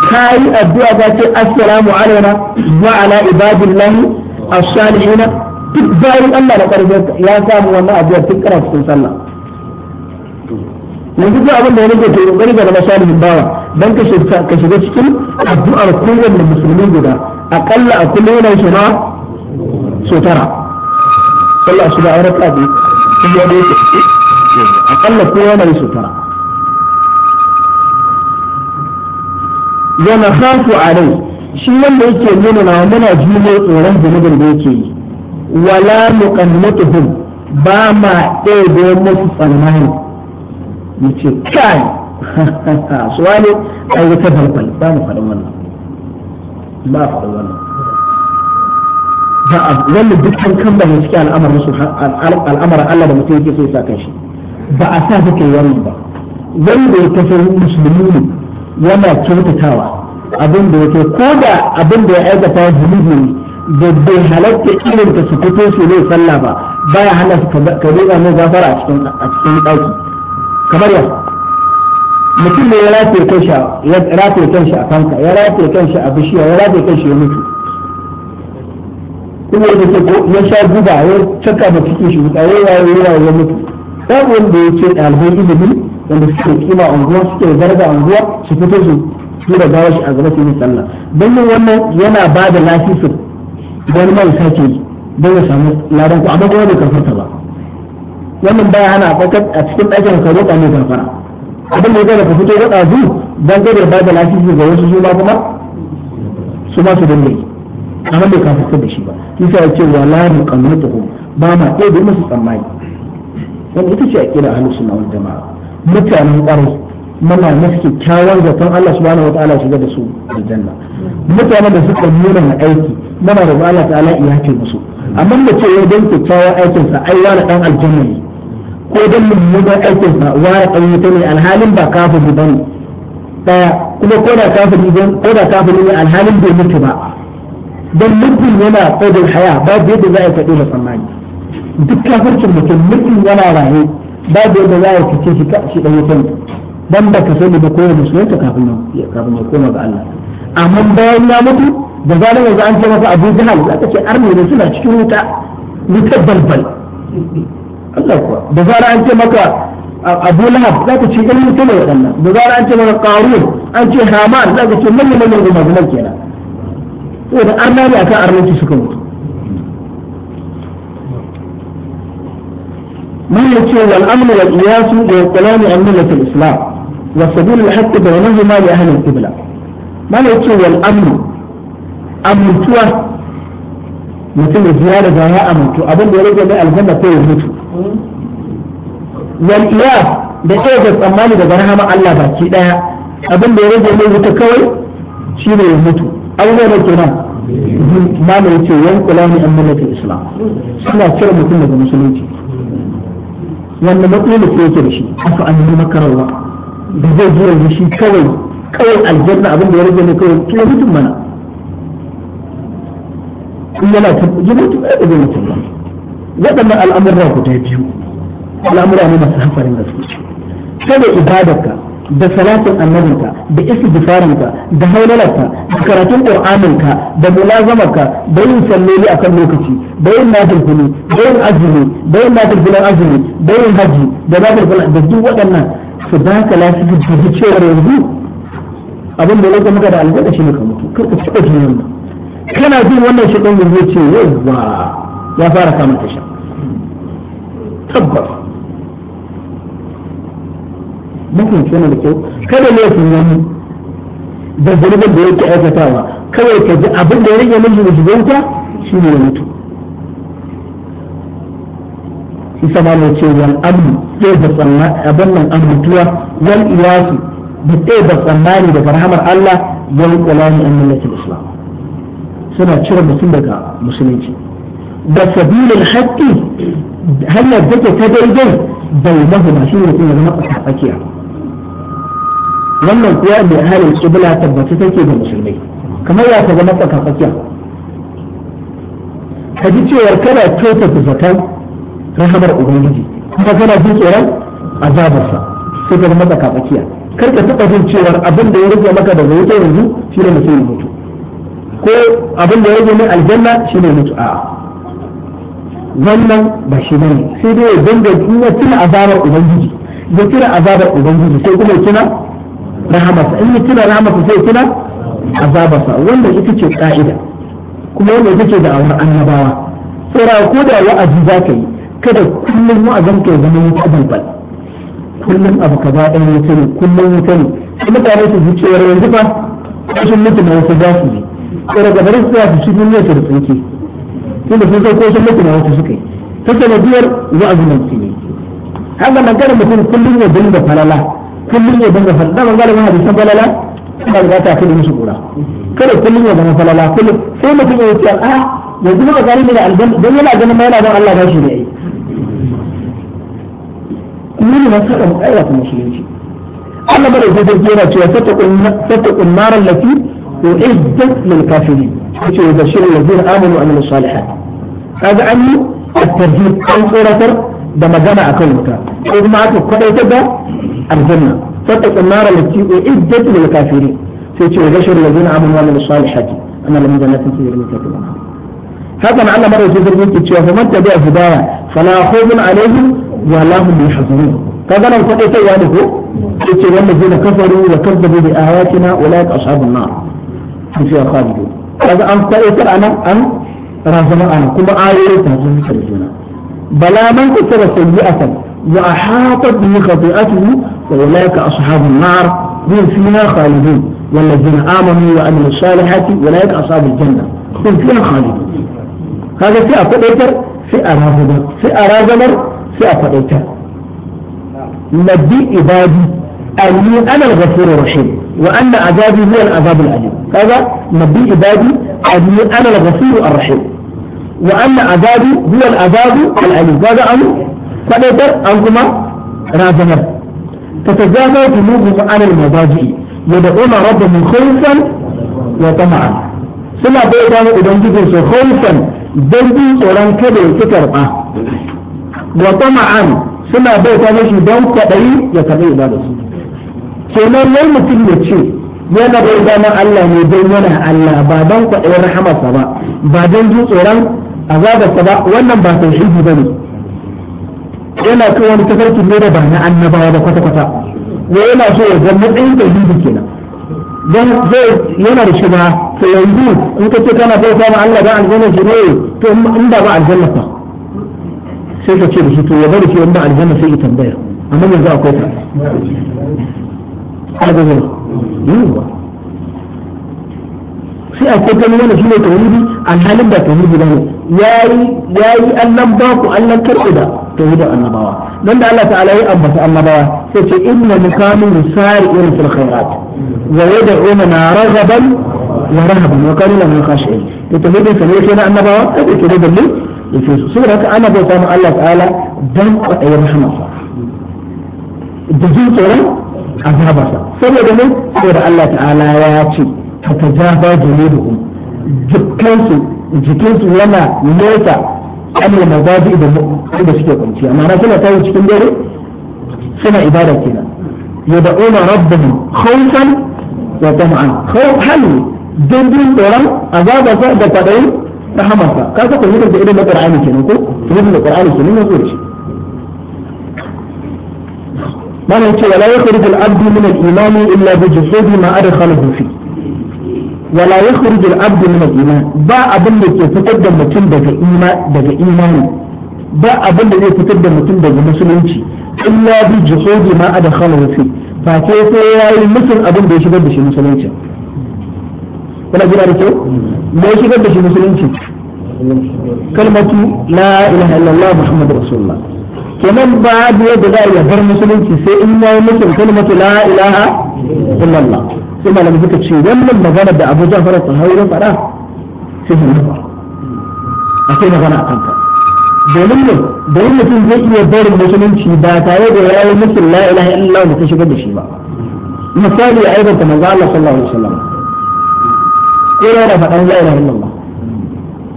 ka yi addu'a ta ce assalamu alaina wa ala ibadillahi as-salihina duk bayan Allah da karfe ya samu wannan addu'a duk kana cikin sallah yanzu duk abin da ya nake to kokari ga na salihin bawa dan ka shiga cikin addu'ar kowanne musulmi guda akalla a kullum yana shara so tara sallah asuba ai raka'a biyu kuma da A akalla ko yana yi so tara wa nakhafu alai shi wanda yake nuna na muna jimo tsoron zunubin da yake yi wala muqannatuhum ba ma ɗaya musu tsammani yace kai [laughs] su wani ai wata balbal ba mu faɗin wannan ba faɗin wannan Ba'a a wannan dukkan kan ba ne cikin al'amarin Allah da mutum yake so ya saka shi ba a sa take ba wanda ya musulmi ne yana kyautatawa abin da yake ko da abin da ya aikata zunubi ne da bai halatta irin ta su fito su ne sallah ba baya hana su ka rika mai gafara a cikin a cikin kamar ya mutum ne ya rataye kanshi ya rataye kanshi a fanka ya rataye kanshi a bishiya ya rataye kanshi ya mutu kuma da ke ya sha guba ya caka da cikin shi wuta ya yi ya yi ya mutu babu wanda ya ce ɗalibai ilimi wanda suke kima unguwa suke zarga unguwa su fito su su da gawa shi a zama su yi sallah don yin wannan yana ba da lafisin wani mai sake yi don ya samu ladan ku amma kuma bai kafarta ba wannan baya hana a cikin ɗakin ka roƙa ne kafara abin da ya kada ka fito roƙa zu don gadar ba da lafisin ga wasu su ba kuma su ma su dinga yi amma bai kafirta da shi ba Kisa ya ce wala nuqannatuhum ba ma ɗaya da musu tsammani wannan ita ce aqida ahlus sunna wal jamaa mutanen ƙwarai muna masu kyakkyawan zaton Allah subhanahu wa ta'ala shiga da su da janna mutanen da suka nuna na aiki muna da Allah ta'ala ya ce musu amma da ce ya dan kyakkyawan aikin sa ai wani dan aljanna ne ko dan mummunan aikin sa wani dan wuta ne alhalin ba kafiri bane daya kuma ko da kafiri ne alhalin bai mutu ba don mutum yana kodin haya ba babu yadda za a faɗi da tsammani duk kafircin mutum mutum yana raye babu yadda za a fice shi shi ɗaya kan dan ba ka sani ba kowa musulunta kafin ya kafin ya koma ga Allah amma bayan ya mutu da zalar yanzu an ce masa abu jihal za ka ce arme ne suna cikin wuta wuta balbal Allah kuwa da zalar an ce maka abu lahab za ka ce ganin mutum ne waɗannan da zalar an ce maka qarun an ce haman za ka ce manyan manyan gumaguman kenan saboda an nani akan arnaki suka mutu ما يتشير الأمر والقياس والكلام عن ملة الإسلام والسبيل الحق بينهما لأهل القبلة ما يتشير الأمر أمر توا mutum ya ziyara da ya amintu abin da ya rage mai aljanna ko ya mutu wal iyas da ke da tsammani daga rahama Allah baki daya abin da ya rage mai wuta kawai shine ya mutu abubuwa da kenan ce yace yankula ne an mallaka islam suna cire mutum daga musulunci wanda matsayin da ke yake da shi aka an yi makararwa da zai jira da shi kawai kawai aljanna abin da ya rage ne kawai tuwa mutum mana in yana tafiya mutum ya ɗaga mutum ba waɗannan al'amurra guda biyu al'amura ne masu hafarin da gaske kada ibadarka da salatin annabinka da istighfarinka da haulalarka da karatun qur'aninka da mulazamarka da yin salloli akan lokaci da yin nafilfili da yin azumi da yin nafilfilan azumi da yin haji da nafilfilan da duk waɗannan su baka lafiya da cewar yanzu abin da ya muka da alƙada shi ne ka mutu kar ka taɓa jin wannan kana jin wannan shi ɗan yanzu ce yawwa ya fara kama tasha tabbas mun kuma da kyau kada laifin wani da zunubin da yake aikatawa kawai ka ji abin da ya rage mun zuwa zuwa shi ne ya mutu isa ma mai ce wal amnu ɗaya da tsammani abin nan amintuwa wal iyasi da ɗaya da tsammani daga rahamar Allah yan kulani an mallaki islam suna cire mutum daga musulunci da sabilin haƙƙi hanyar da ta daidai bai mahu ba shi ne kuma zama tsakiya. wannan kuwa da halin kibla tabbata take da musulmai kamar ya ta zama tsakakakiya ka ji cewar kana ta zakan rahamar ubangiji kuma kana jin tsoron azabarsa sai ka zama tsakakakiya kar ka taɓa jin cewar abin da ya rage maka daga wuta yanzu shi ne mutum mutu ko abin da ya rage mai aljanna shi ne mutu a wannan ba shi ne sai dai ya dinga tuna azabar ubangiji ya tuna azabar ubangiji sai kuma ya tuna rahamarsa in ya tuna rahamarsa sai tuna azabarsa wanda ita ce ka'ida kuma wanda ita ce da awar annabawa saura ko da wa'azi za ka yi kada kullum wa'azin ka zama wata balbal kullum abu ka ba ɗan wuta ne kullum wuta ne sai mutane su ji cewar yanzu fa kashin mutu na wasu za su yi saura ga da su za su ci duniya su da tsinke tunda sun sai ko sun mutu na wasu suka yi ta sanadiyar wa'azin nan su ne haka magana mutum kullum ya dinga falala kullum ya dinga faɗa daman galibin hadisan falala suna riga ta kullum musu kura kada kullum ya zama falala kullum sai mutum ya ce a yanzu muka gani ne da aljanna don yana ganin ma yana don Allah ba shi ne ai kullum ne sai mu kai wa musulunci Allah bada zai zai yana cewa fattakun narar lafi ko izdat lil kafiri yace wa bashirul ladina amanu wa amilus salihat kaga an yi at-tarhib an tsoratar da magana akan wuta ko kuma aka kwadaitar da aljanna fattaqun nar allati uiddat lil kafirin sai ce wa bashir allazina amanu wa amilus salihati ana lam jannatin tajri min tahtiha al-anhar haka na Allah madaukakin sarki yake cewa fa man tabi'a hudaya fala khawfun alaihim wa la hum yahzanun kaga nan kwadai sai ya duko yace wannan zai kafaru wa kazzabu bi ayatina ulaika ashabun nar hum fiha khalidun kaga an kwadai sai anan an razama ana kuma ayoyi ta sun da juna bala man kasara sayyi'atan wa ahatat bi khati'atihi وأولئك أصحاب النار هم فيها خالدون والذين آمنوا وعملوا الصالحات أولئك أصحاب الجنة هم فيها خالدون هذا في أقدر في أرازمر في أرازمر في أقدر نبي عبادي أني أنا الغفور الرحيم وأن عذابي هو العذاب الأليم هذا نبي عبادي أني أنا الغفور الرحيم وأن عذابي هو العذاب الأليم هذا أمر فليتر أنكما رازمر تتجافى جنوبهم عن المضاجع يدعون ربهم خوفا وطمعا suna bai gano idan gidan su khawfan dan bi tsoron kada ya karba wa tama'an suna bai gano shi dan ya karbi ibada su kenan wai mutum ya ce yana bai gano Allah ne dan yana Allah ba dan kwadayin rahamarsa ba ba dan ji tsoron azabarsa ba wannan ba tauhidi bane yana so wani tafarkin ne da ba na annabawa ba kwata-kwata ne yana so ya ga matsayin tauhidi kenan don zai yana da shiga to yanzu in ka ce kana bauta ma Allah ba aljanna shi ne to in ba ba aljanna fa sai ka ce da shi to ya bari shi in ba aljanna sai ya tambaya amma yanzu akwai ta haka ne yiwuwa sai kan ganin wani shi ne tauhidi alhalin da tauhidi ba ne ya yi allan baku allan karɓi da tauhidin annabawa don da Allah ta'ala ya ambata annabawa sai ce inna nukamu musari irin fil khairat wa yad'una na raghaban wa rahaban wa kanu lahu khashi'in to tauhidin sa ne yake na annabawa sai ke da dalil yake su saboda haka ana bauta ma Allah ta'ala dan kwaɗayi rahamarsa da jin tsoron azabarsa saboda ne saboda Allah ta'ala ya ce ta tajaba jami'uhum dukkan su jikin su yana nesa amma mazaji da inda suke kwanci amma na suna tawo cikin dare suna ibada kenan ya da ona rabbahum khawfan wa tam'an khawfan dindin tsoron azabarsa da kwadayin rahamarsa ka ka kwanci da irin na qur'ani kenan ko irin da qur'ani kenan ne zuwa ما لا ولا يخرج العبد من الإيمان إلا بجسد ما أدخله فيه wala yakhruju al-abdu min al-iman ba abin da ke fitar da mutum daga Ima daga imani ba abin da zai fitar da mutum daga musulunci illa bi juhudi ma adkhalahu fi fa ke sai yayi mutum abin da ya shigar da shi musulunci kuna jira da kyau me ya shigar da shi musulunci kalmatu la ilaha illallah muhammadur rasulullah kenan babu yadda za a bar musulunci sai in yayi mutum kalmatu la ilaha illallah sai malamai suka ce wannan magana da Abu Ja'far al-Tahawi ya faɗa sai sun ba akwai magana a kanka domin ne da domin mutum zai iya barin musulunci ba tare da ya yi mutum la ilaha illallah da ta shigar da shi ba misali ya aibanta manzo Allah sallallahu alaihi wasallam ko yana faɗan la ilaha illallah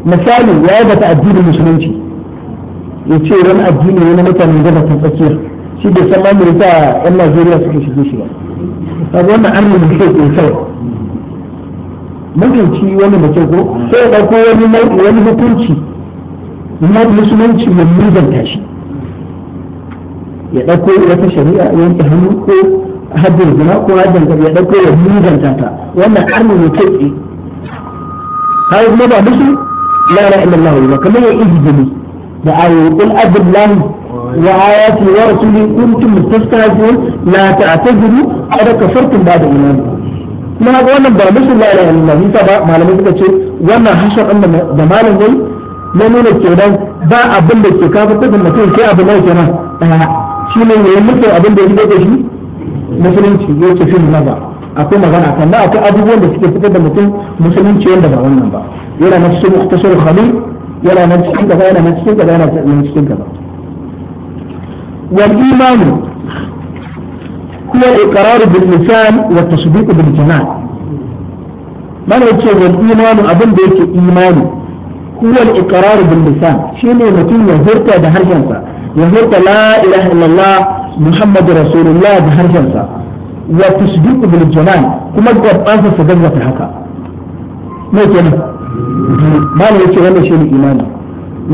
misali ya aibanta addinin musulunci ya ce wani addini ne na mutanen gaba ta tsakiya shi bai san mamu ta yan Najeriya suka shige shi ba kaga wannan arni da ke ke kai mutunci wani mace ko sai ya dauko wani nau'i wani hukunci na musulunci mai muzanta shi ya dauko wata shari'a yanke hannu ko haddin zina ko haddin ya dauko ya muzanta ta wannan arni ne ke ke kai kuma ba musu la ilaha illallah ba kamar ya izgini da ayoyi kul abdullahi وآياته ورسوله كنتم تستهزئون لا تعتذروا kada kafartun ba da imani kuma ga wannan ba musu la ilaha ba malamai suka ce wannan hashar din da malam yayi na nuna kenan ba abin da ke kafa ta mutum sai abu mai kenan daya shine ne mutum abin da yake da shi musulunci yake fi nazar akwai magana kan da akwai abubuwan da suke fitar da mutum musulunci wanda ba wannan ba yana na cikin muktasar khalil yana na cikin yana na cikin gaba yana na cikin gaba. wal imanu هو الإقرار باللسان والتصديق بالجمال ما نقول الإيمان أبن بيك إيماني هو الإقرار باللسان شيني متين يهرت بهرجنسا يهرت لا إله إلا الله محمد رسول الله بهرجنسا والتصديق بالجمال كما قد أنت صدقت الحكا ما كنا ما نقول الإيمان شيء إيماني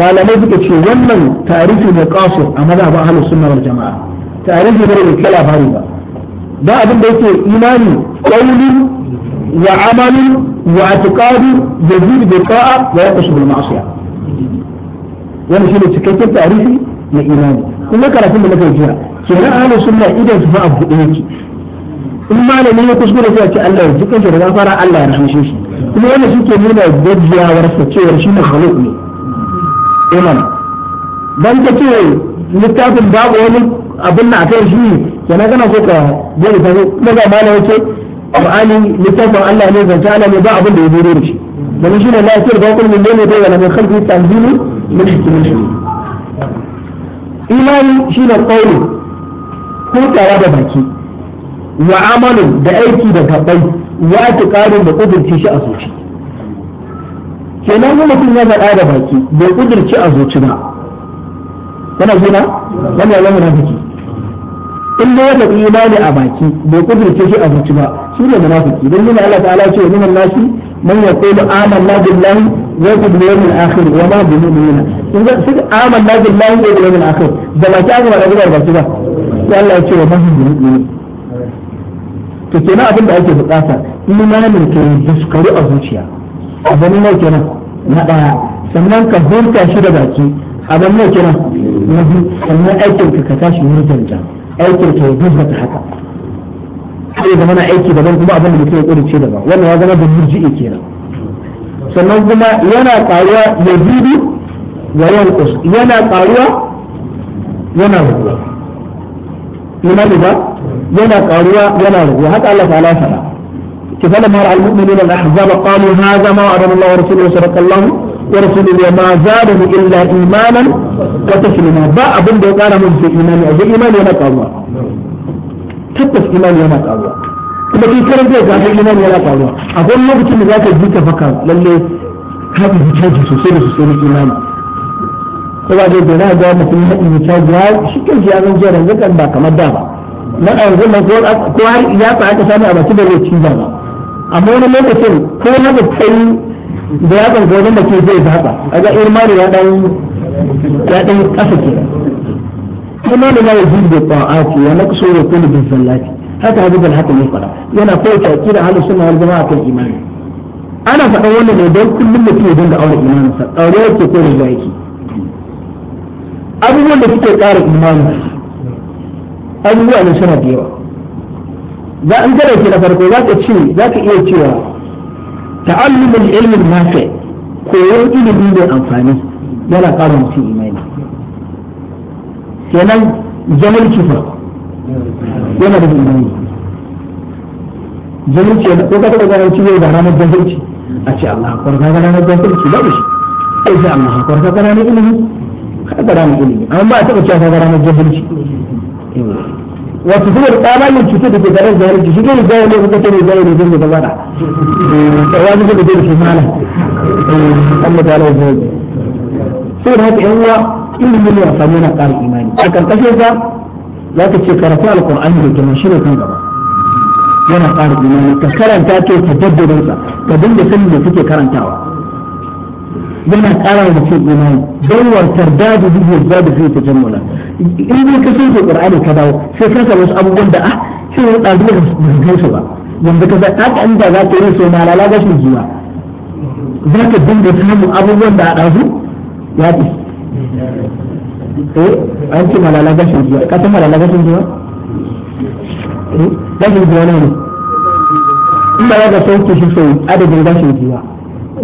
malamai suka ce wannan tarihi ne kaso a mazhabin ahlus sunna wal jama'a tarihi da abin da yake imani qawli wa amali wa i'tiqadi yazidu bi ta'a wa yaqshu bil ma'siyah wannan shine cikakken tarihi na imani kuma karatun da muka jira kenan ahlu sunna idan su fa abu da yake in malamin ya kuskure sai a ce Allah ya jikan shi da gafara Allah ya rahmishe shi kuma wannan shi ke nuna gajiyawar sa cewa shi ne khuluq ne imam dan ta ce littafin babu wani abin da akai shi kenan kana so ka je ka kuma ga malam yace qur'ani littafin Allah ne zance Allah ne ba abin da ya dore da shi domin shine la yasir ba kullum ne ne da yana min khalqi tanzilu min hikmati imani ne ƙauri ko tawa da baki wa amalu da aiki da tabbai wa ƙarin da kudurci shi a zuci kenan mu mutum ya faɗa da baki bai kudurci a zuci ba kana gina wani ya lamu na in da ya faɗi imani a baki bai kudurce shi a zuci ba shi ne munafiki don nuna Allah ta'ala ce wa minan nasi man yaqulu amanna billahi wa bil yawmil akhir wa ma bi mu'minina in ga suka amanna billahi wa bil yawmil akhir da baki ta faɗa da baki ba sai Allah ya ce wa man bi mu'minina to kenan abin da ake bukata imanin ka ya daskaru a zuciya abin nan kenan na daya sannan ka hurta shi da baki abin nan kenan na biyu sannan aikin ka ka tashi wurin janjan aikin ka ya ta haka sai zama na aiki daban kuma abin da mutum ya ƙudurce daban wannan ya zama da murji'i kenan sannan kuma yana ƙaruwa ya zidu wa yankus yana ƙaruwa yana raguwa ina ba yana ƙaruwa yana raguwa haka Allah ta'ala fara kifala mar al-mu'minina al-ahzaba qalu hadha ma wa'adana Allah wa rasuluhu sadaqa Allah الله ما زاده الا ايمانا وتسليما با ابن دو قال من في ايمان أجي إيماني أنا قالوا تبس إيماني أنا قالوا kuma kai karan zai ga imani yana faruwa a wani lokacin da za ji ka faka lalle ka ji caji sosai da sosai na Ko saboda da za ga mutum ya ji caji ya shi kan ya zan jira zakan ba kamar da ba na a yanzu na ko ya fa aka sani a bakin da ci ba amma wani lokacin ko na da kai da ya kan wajen da ke zai zaɓa a ga irmani ya ɗan ya dan ƙasa ke ne na jin da ƙwa'aki wa naqsu wa kullu bi zallati haka hadu da haka ne fara yana kai ta kira halin suna wal jama'a kan imani ana faɗa wannan ne don kullum mutum ya dinga aure imani sa aure yake ko riga yake abubuwan da suke ƙara imani abubuwa ne suna da yawa za an gara ke na farko za ka ce za ka iya cewa ta'allumul ilmin nafi koyon ilimi mai amfani yana ƙara mutum imani kenan zaman kifa yana da imani zalunci yana ko ka taɓa ganin ciwo da ranar zalunci a ce Allah akwai ka ranar zalunci babu shi ai sai Allah akwai ka ranar ilimi ka ranar ilimi amma ba a taɓa cewa ka ranar zalunci wato suna da tsananin cutar da ke tare da zalunci shi ne zai ne kuma ta ne zai ne zai gaba da tsawon da zai shi mana an mu tare da zai sai da haka yan uwa ilimin ne a samu yana ƙara imani a karkashin sa za ka ce karatu alƙur'ani da kenan shi ne kan gaba yana ƙara imani ka karanta ke ta dabbobin sa ka dinga sanin da suke karantawa yana kara wa mutum imani don wartar dadi da duk da da zai ta jammala in dai ka sauke qur'ani ka dawo sai ka samu wasu abubuwan da a ah, sai ya ɗabi da su kai su ba yanzu ka san haka inda za ka yi sai malala ga su jiwa za ka dinga samun abubuwan da a ɗazu ya ɗi eh an ce malala ga shi jiwa ka san malala ga shi jiwa eh su jiwa ne in ba za ka sauke shi sai adadin gashin jiwa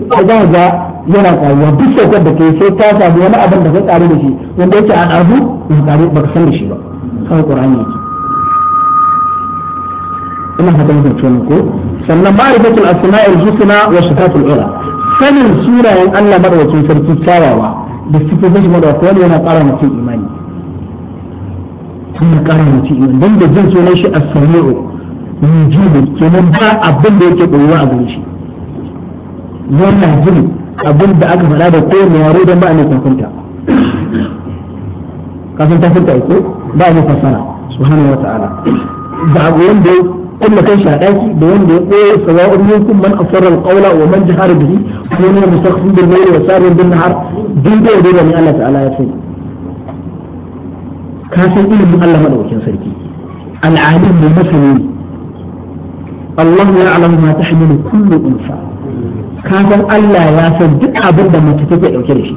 ko za yana karuwa duk shekar da ke sai ta samu wani abin da ka karu da shi wanda yake a arzu ba karu ba ka san da shi ba kawai ya yake ina fatan ku ce ko sannan ma'rifatul asma'il husna wa sifatul ula sanin sunayen Allah madawacin sarki kyawawa da sifofin shi madawacin wani yana ƙara mutum imani yana ƙara mutum imani don da jin sunan shi as-sami'u yujibu kenan ba abin da yake ɗorewa a gare shi wannan jini abin da aka faɗa da kowane yare don ba a mai kwakwanta kafin ta furta ko ba a mai fassara subhanahu wa ta'ala da abu wanda ya kulla kan shi a ɗaki da wanda ya ɓoye sawa'un minkum man asarra alqawla wa man jihar jahara bihi wa man huwa mustaqbil bil layli wa sarin bin nahar din da da ne Allah ta'ala ya sani ka san ilimin Allah madaukakin sarki al'alim mai masani Allah ya alamu ma tahmilu kullu unsa ka Allah ya san duk abin da mace take dauke da shi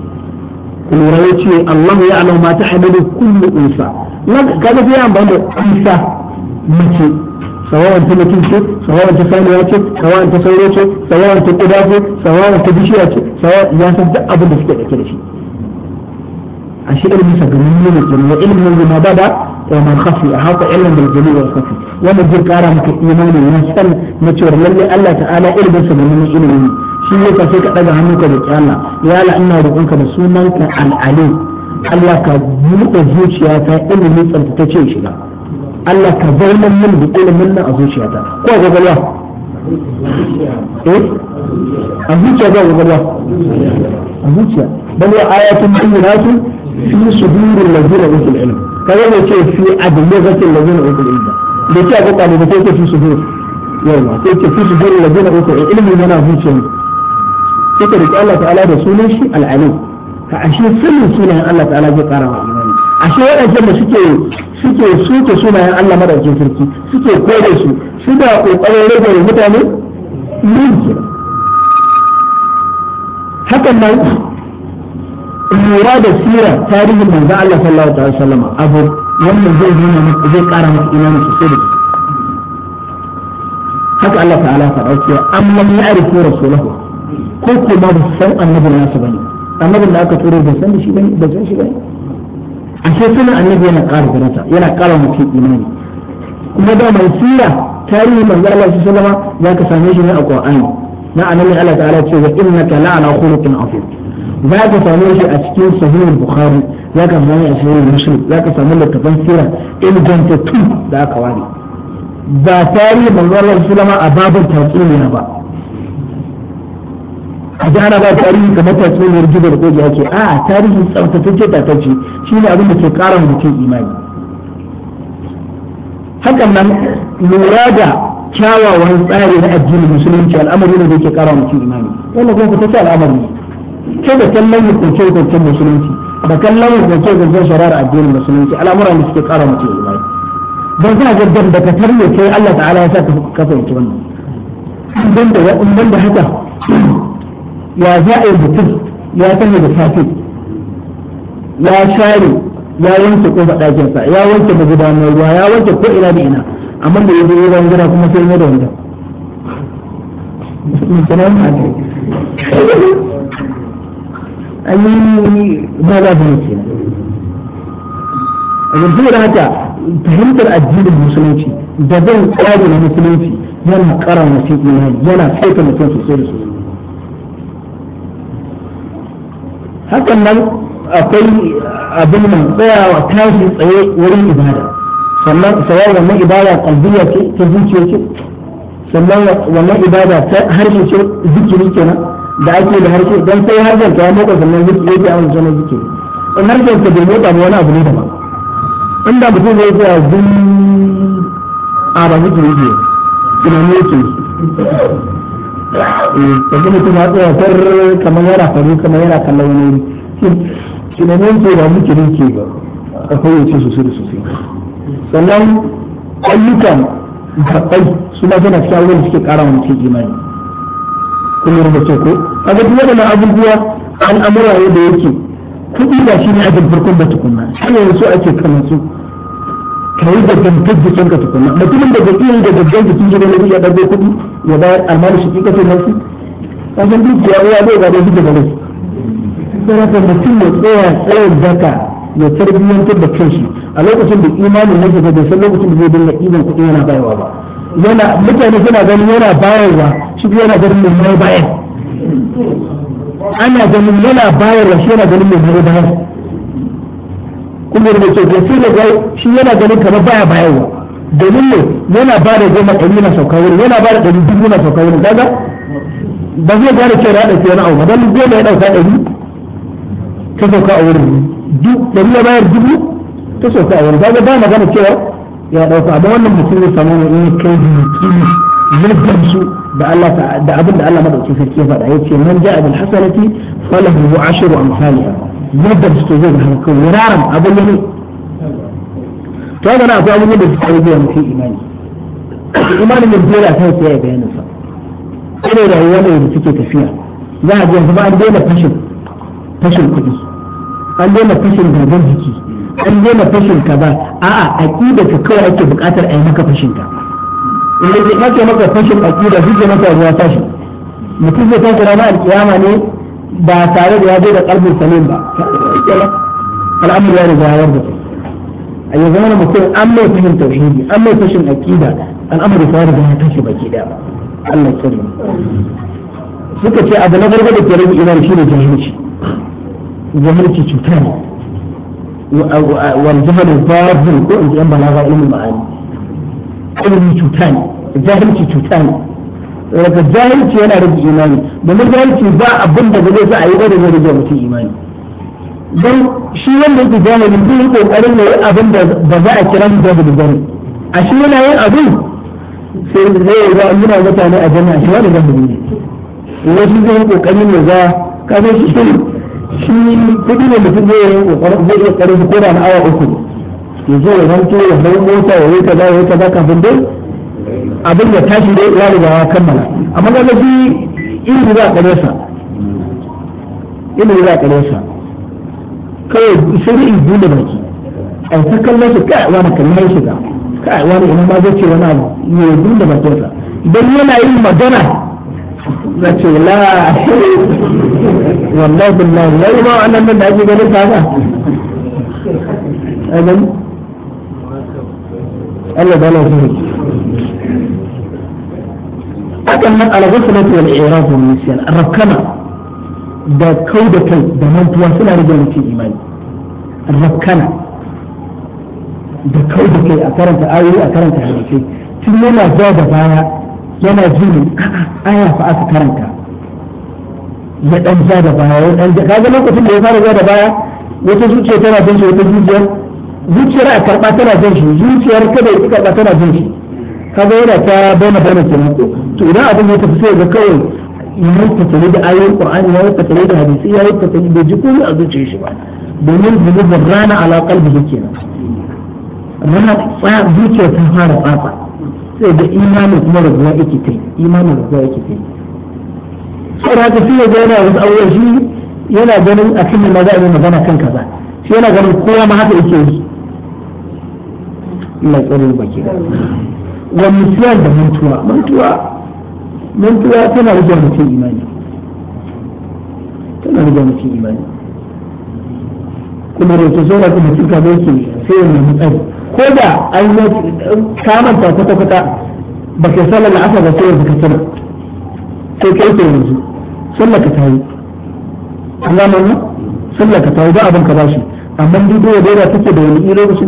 kuma ya ce Allah ya alamu ma ta'amalu kullu unsa nan kaga sai an banda insa mace sawawan ta mutum ce sawawan ta saniya ce sawawan ta sauro ce sawawan ta kuda ce sawawan ta bishiya ce sawawan ya san duk abin da suke dauke da shi a shi ilmin sa ga mun ne kenan ilmin zuma ba da ومن خفي أحاط علم بالجليل والخفي ومن ذكر مكتئمان من السنة نتور لله الله تعالى إلبس من من إلمه shi ne ka sai ka daga hannunka da roƙi ya la ina roƙonka da sunanka al Allah ka buɗe zuciya ilimin tsantatace shiga Allah ka zaunar min da ilimin nan a zuciyata ko a gaggalwa eh a zuciya ba gaggalwa a zuciya bal wa ayatun bayyinatun fi suduril ladina utul ilm kaga ne ce fi adlizatil ladina utul ilm da ce ga ɗalibai ce fi sudur yawa sai ce fi sudur ladina utul ilm yana suka riƙe Allah ta'ala da sunan shi al'alim ka ashe sanin sunayen Allah ta'ala zai ƙara wa imani ashe waɗancan da suke suke suke sunayen Allah madaukin sarki suke kore su suka ƙoƙarin rage mutane mulki hakan nan lura da sira tarihin manzo Allah sallallahu alaihi wasallam abu wannan zai nuna zai ƙara maka imani sosai da haka Allah ta'ala ta dauke amman ya'rifu rasulahu ko kuma ba san annabin nasu bane annabin da aka turo ba san shi bane da san shi bane ashe sunan annabi yana ƙara garanta yana ƙara mutum imani kuma da mai sira tarihi manzo Allah su sallama ka same shi ne a Qur'ani na annabi Allah ta'ala ce wa innaka la'ala khuluqin za ka same shi a cikin sahih bukhari zaka ka shi a sahih muslim zaka same littafin sira ingantattun da aka ware ba tarihi manzo Allah su sallama a babin tatsuniya ba A ana ba tarihi kamar tatsuniyar gidan ko ji ake a tarihi tsaftatacce tatacce shi ne abin da ke kara mutum imani hakan nan lura da kyawawan tsari na addinin musulunci al'amari ne da ke kara mutum imani wannan kuma ta ce al'amari ne ke da kallon hukunce hukuncen musulunci da kallon hukunce hukuncen shari'ar addinin musulunci al'amura ne suke kara mutum imani don za ga da ka tarye kai Allah ta'ala ya sa ka fahimci wannan ban da haka ya za a yi mutum ya sanya da safe ya share ya wanke kofar ɗakinsa ya wanke magudanar ruwa ya wanke ko ina da ina amma da yanzu ruwan gida kuma sai ya da wanda an yi ba za su yake a yanzu da haka fahimtar addinin musulunci da zan tsari na musulunci yana ƙara mutum imani yana saita mutum sosai da sosai hakan nan akwai abin nan tsayawa tashi tsaye wurin ibada sannan tsawar wannan ibada kalbiya ce ta zuciya ce sannan wannan ibada ta harshe ce zikiri kenan da ake da harshe don sai harshen ta ya motsa sannan zikiri ke an zama zikiri in harshen ta bai motsa ba wani abu ne daban inda mutum zai tsaya zun a ba zikiri ke tunani yake yanzu mutum ya tsaya tar kamar yana kare kamar yana kallon wani shi ne nan ce ba muke ninke ba a fayyace sosai da sosai sannan ayyukan karɓai su ma suna cikin abubuwan da suke ƙara wa mutum imani kuma da ce ko a ga duk waɗannan abubuwa an amuraye da yake kuɗi ba shi ne a farkon da tukunna shi ne su ake kamar su ka yi da gantar jikin ka tukuna mutumin da zai iya da gantar da cikin ne ya ɗago kuɗi ya bayar almanu shi kika tun nasu wajen dukiya ya zai gado shi daga nasu sarrafa mutum ya tsaya tsayin daka ya tarbiyyantar da shi a lokacin da imanin nake da bai san lokacin da zai dinga ɗiban kuɗi yana bayarwa ba yana mutane suna ganin yana bayarwa shi yana ganin mai bayar ana ganin yana bayarwa shi yana ganin mai bayar kuma da ke gaske da gai shi yana ganin kamar baya bayarwa domin ne yana ba da goma ɗari na sauka wurin yana ba da ɗari dubu na sauka wurin daga ba zai gane cewa ya ɗauki wani auma ba don goma ya ɗauka ɗari ta sauka a wurin ɗari ya bayar dubu ta sauka a wurin daga ba magana cewa ya ɗauka amma wannan mutum ya samu wani kai da yaƙini zai su da Allah da abin da Allah madauki sarki ya faɗa yace man ja'a bil hasanati falahu ashru amsalha yadda suke zai da hankali wiraran abin ne to ga na akwai abin da su yi da mutum imani imanin da zai ta yi ya bayanin sa kare rayuwa ne da suke tafiya za a ji ba an daina fashin fashin kuɗi an daina fashin gangan jiki an daina fashin ka ba a'a aqida ka kawai ake buƙatar a yi maka fashin ka in yake nake maka fashin akida shi maka ruwa tashi mutum zai tashi ranar alkiyama ne ba tare da ya je da kalbin sanin ba al'amur ya riga ya da a yanzu mana mutum an mai fashin tauhidi an mai fashin akida al'amur ya riga ya tashi baki daya Allah sani suka ce abu na farko da ke rage imani shine jahilci jahilci cuta ne wal jahil fadil ko in ji an balaga ilmin ma'ani ilimi cuta ne jahilci cuta ne daga jahilci yana rage imani domin jahilci ba abin da zai sa a yi ba da zai rage mutum imani don shi wanda yake jahilin zai yi kokarin ne abin da ba za a kira mu jahilin bane a shi yana yin abin sai zai yi ga muna mutane a jami'a shi wani jahili ne wasu zai yi kokarin ne za ka shi shi kudi ne mutum zai yi kokarin ko da na awa uku ya zo ya zanto ya hau mota ya yi kaza ya yi kaza kafin dai abin da tashi dai ya riga ya kammala amma ga shi ilimi za a kare sa ilimi za a kare sa kawai sai in bude baki a ta kallon shi kai wani kan mai shiga kai wani ina ma zai ce wani abu ne bude bakin sa dan yana yin magana na ce la wallahi billahi lai ba wannan da ake ganin ta haka Allah ba na zuwa akan nan al-ghaflatu wal i'rab wal nisyan rakana da kau da kai da mantuwa suna rage mutum imani rakana da kau da kai a karanta ayoyi a karanta hadisi tun yana zuwa da baya yana jin aya fa aka karanta ya dan ja da baya ya dan ja kaga lokacin da ya fara ja da baya wata zuciya tana bin shi wata zuciya zuciyar a karɓa tana jin shi zuciyar kada ya karɓa tana jin shi kaga yana ta bayyana bayyana kenan ko to idan abin ya tafi sai ga kawai ya yi tattali da ayoyin qur'ani ya yi tattali da hadisi ya yi tattali da jikuri a zuciyar shi ba domin zunubin rana ala qalbi kenan rana tsaya zuciyar ta fara tsafa sai da imanin kuma rabuwa yake ta imanin rabuwa yake ta sai haka sai ya ga yana wasu aure shi yana ganin a cikin maza a magana kan kaza shi yana ganin kowa ma haka yake yi Allah tsare baki da wa misyan da mantuwa mantuwa mutuwa tana rage mutum imani tana rage mutum imani kuma da ke da kuma tuka da yake sai yana mutsari ko da an yi kamanta kwata-kwata ba ka sallar asa ba sai yanzu ka tana sai ka yanzu sallar ka tayi yi an gama nan sallar ka tayi ba abin ka ba shi amma duk da yadda take da wani irin ba shi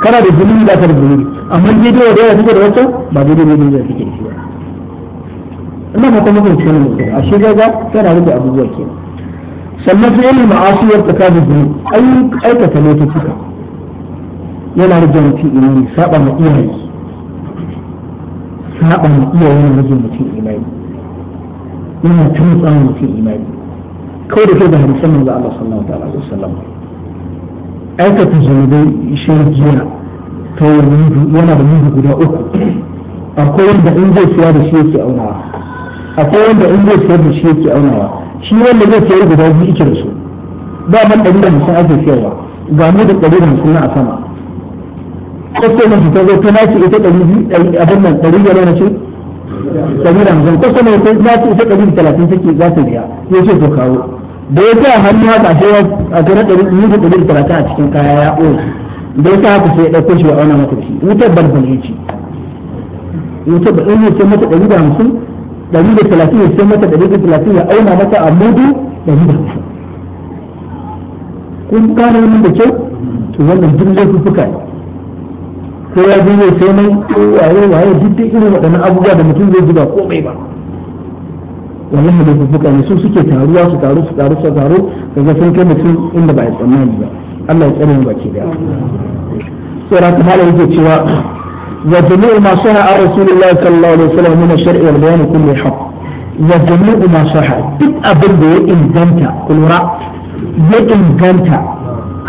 kana da zunubi da ka da zunubi amma ne da wa daidai kake da wancan ba daidai ne daidai kake da shi ba ina fata mutum ce ne a shi gaga tana da abubuwa ke sannan sai yin ma'asu yadda ta da zunubi aikata laifuka yana rage mutum imani saba ma iyaye saba ma iyaye yana rage mutum imani yana tunsa mutum imani kawai da kai da hadisan manzo Allah sallallahu alaihi wasallam aikata zunubai shirkiya to yana da mudu guda uku akwai wanda in zai siya da shi yake aunawa akwai wanda in zai siya da shi yake aunawa shi wanda zai siya guda biyu ike da su ba man ɗari da mutum ake siyarwa ga mu da ɗari da mutum na a sama kwastai na fitar zai tana ce ita ɗari biyu abin nan ɗari biyar na ce ɗari da mutum kwastai na fitar na ce ita ɗari da talatin take za ta biya ya ce to kawo da ya sa hannu haka sai ya a kira ɗari mutu ɗari talatin a cikin kaya ya ɓoye da ya sa haka sai ya ɗauko shi ya auna maka ci wutar balbal ya ci wutar balbal ya ce mata ɗari da hamsin ɗari da talatin ya ce mata ɗari da talatin ya auna mata a mudu ɗari da hamsin kun kare wani da kyau to wannan duk laifuffuka ne ko ya zo sai nan waye waye duk dai irin waɗannan abubuwa da mutum zai zuba komai ba wani wannan hadisi ne su suke taruwa su taru su taru su taru kaga sun kai mutum inda ba a tsammani ba Allah ya tsare mu baki daya da ra ta malam yake cewa wa jami'u ma sha'a a rasulullah sallallahu alaihi wasallam min ash-shar'i wal bayan kulli haqq wa jami'u ma sha'a duk abin da ya inganta kulura ya inganta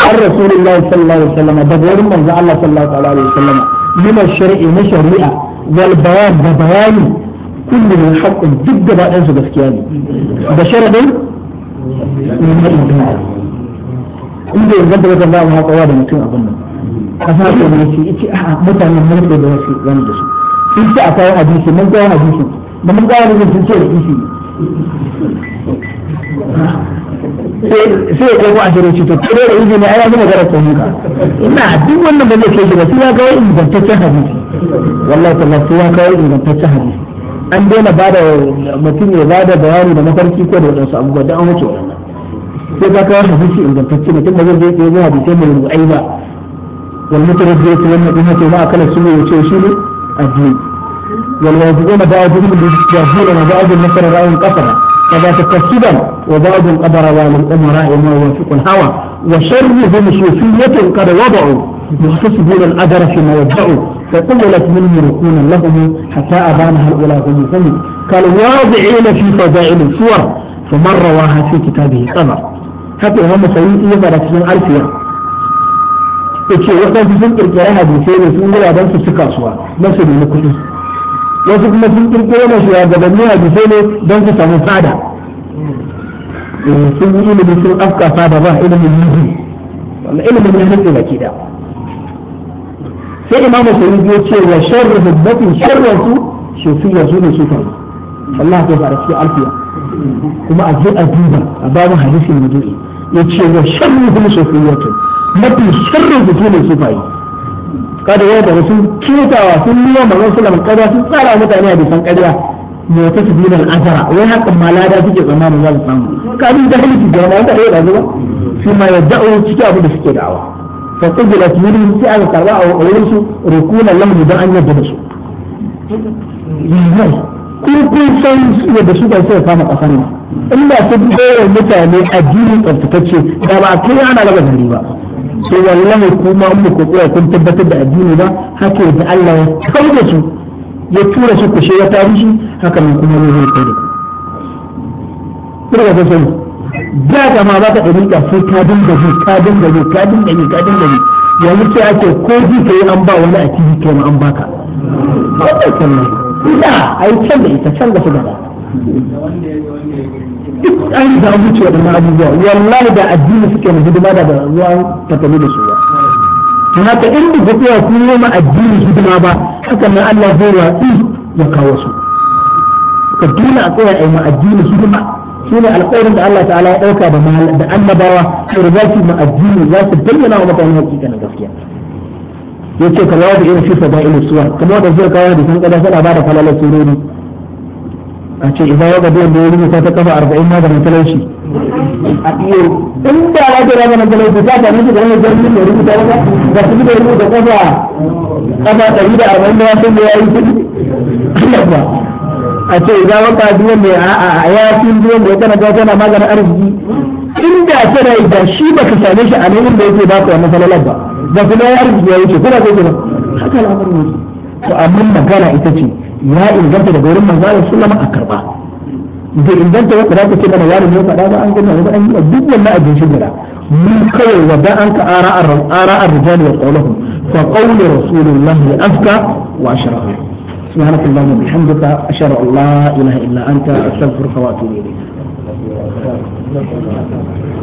an rasulullah sallallahu alaihi wasallam da wurin manzo Allah sallallahu alaihi wasallam min ash-shar'i na shari'a wal bayan da bayani كل من حق جدا بعد انسو بسكياني بشارة دي من مجمع دماغ انجي ان جدا بزن الله وحاق وادا مكين اظنه حسنات المنسي اتي احا متى من ملك المنسي وانا جسو انت اتاو حديثي من جاو حديثي من جاو حديثي من جاو حديثي sai kai wa'azi da cutar kai da yin jini a yanzu magana ta yi ina duk wannan ba zai kai shi ba sai ya kawo ingantaccen hadisi wallahi ta lafi ya kawo ingantaccen hadisi an daina ba da mutum ya ba da bayani da mafarki ko da wadansu abubuwa da an wuce wannan sai ka kawo da hadisi ingantacce da tun da zai zuwa da hadisi mai ai ba wal mutarabbi ya tsaye na ce ma akala su ya ce shi ne addini wal wajibun ba'dhum bi jahilina ba'dhum nasara ra'in qasara كذا تكسبا وبعض قدر والامراء وما يوافق الهوى وشرهم صوفية قد وضعوا محتسبون الأجر فيما يدعوا فقللت منه ركونا لهم حتى أبانها الأولى هم هم كالواضعين في فضائل الصور فمن رواها في كتابه قمر حتى إمام سعيد يبرك من ألفية yace waɗansu sun kirkira hadisai ne sun gura don su kasuwa don su nemi kuɗi wasu kuma sun kirkira da shugabanni hadisai ne don su samu fada sun yi ilimi sun afka fada ba ilimin yi ilimin ya hanzu ki da sai imamu sai ya ce wa sharru hubbatin sharru su sufiya su ne sufan Allah ta fara cikin alfiya kuma a je a duba a babu hadisin mudu'i ya ce wa sharru hum sufiyatun mafi sharru su ne sufai kada yau da wasu kitawa sun liya manzon sallallahu alaihi wasallam sun tsara mutane a bisan kariya ne ta su dinar azara wai hakan malada suke mu za su samu kafin da halittu da wani ya da zuwa su ma ya da'o cikin abu da suke da'awa fa qubilat minhum sai aka karba a wurin su launi lahu dan an yadda da su kun kun san yadda su ba kama kasan nan in ba su bayar mutane addinin tsaftatacce da ba kai ana raba gari ba to wallahi kuma mu ku kun tabbatar da addini ba haka da Allah ya kauda su ya tura su ku shi ya tarihi haka mun kuma ne zai kai da ku. Kuma da da ma za ka ɗari da sai ka dinga ji ka dinga ji ka dinga ji ka dinga ji yanzu sai ake ko ji ka yi an ba wani a tv kai an baka ina a yi can da ita can da su gaba an riga ce da waɗannan abubuwa wallahi da addini suke na hidima da ruwa ta tafi da su ba kuma ta in da tafiya kun yi ma addini hidima ba haka na Allah zai watsi ya kawo su ka dole a tsaya a yi ma addini hidima shine alƙawarin da Allah ta'ala ya dauka da da annabawa sai za su ma'ajini za su bayyana wa mutane hakika na gaskiya yace kamar da irin fifa da irin suwa kuma da zai kawo da san kada sada ba da falalar surori a ce idan ya gaba da ya rubuta ta kafa arba'in ma da matalauci a iyo in da ya jira da matalauci ta ta nufi da wani jirgin da rubuta ba da su da rubuta kafa kafa ɗari da arba'in da ya sun da ya yi kuɗi a ce idan wata biyan mai a'a a yakin biyan da ya tana ta tana maganin arziki inda tana da shi ba ka same shi a nan da yake ba ka wannan falalar ba da arziki ya wuce kuna kai ba. haka al'amarin yake to amma magana ita ce ya inganta da wurin manzo sallama a karba da inganta wata zaka ce mana wani ne faɗa ba an gina wani an yi duk wannan abin shi gara mun kawai wadda an ka ara ar rijali wa qawluhum fa qawlu rasulillahi afka wa ashrafu سبحانك اللهم وبحمدك أشهد أن لا إله إلا أنت أستغفرك وأتوب إليك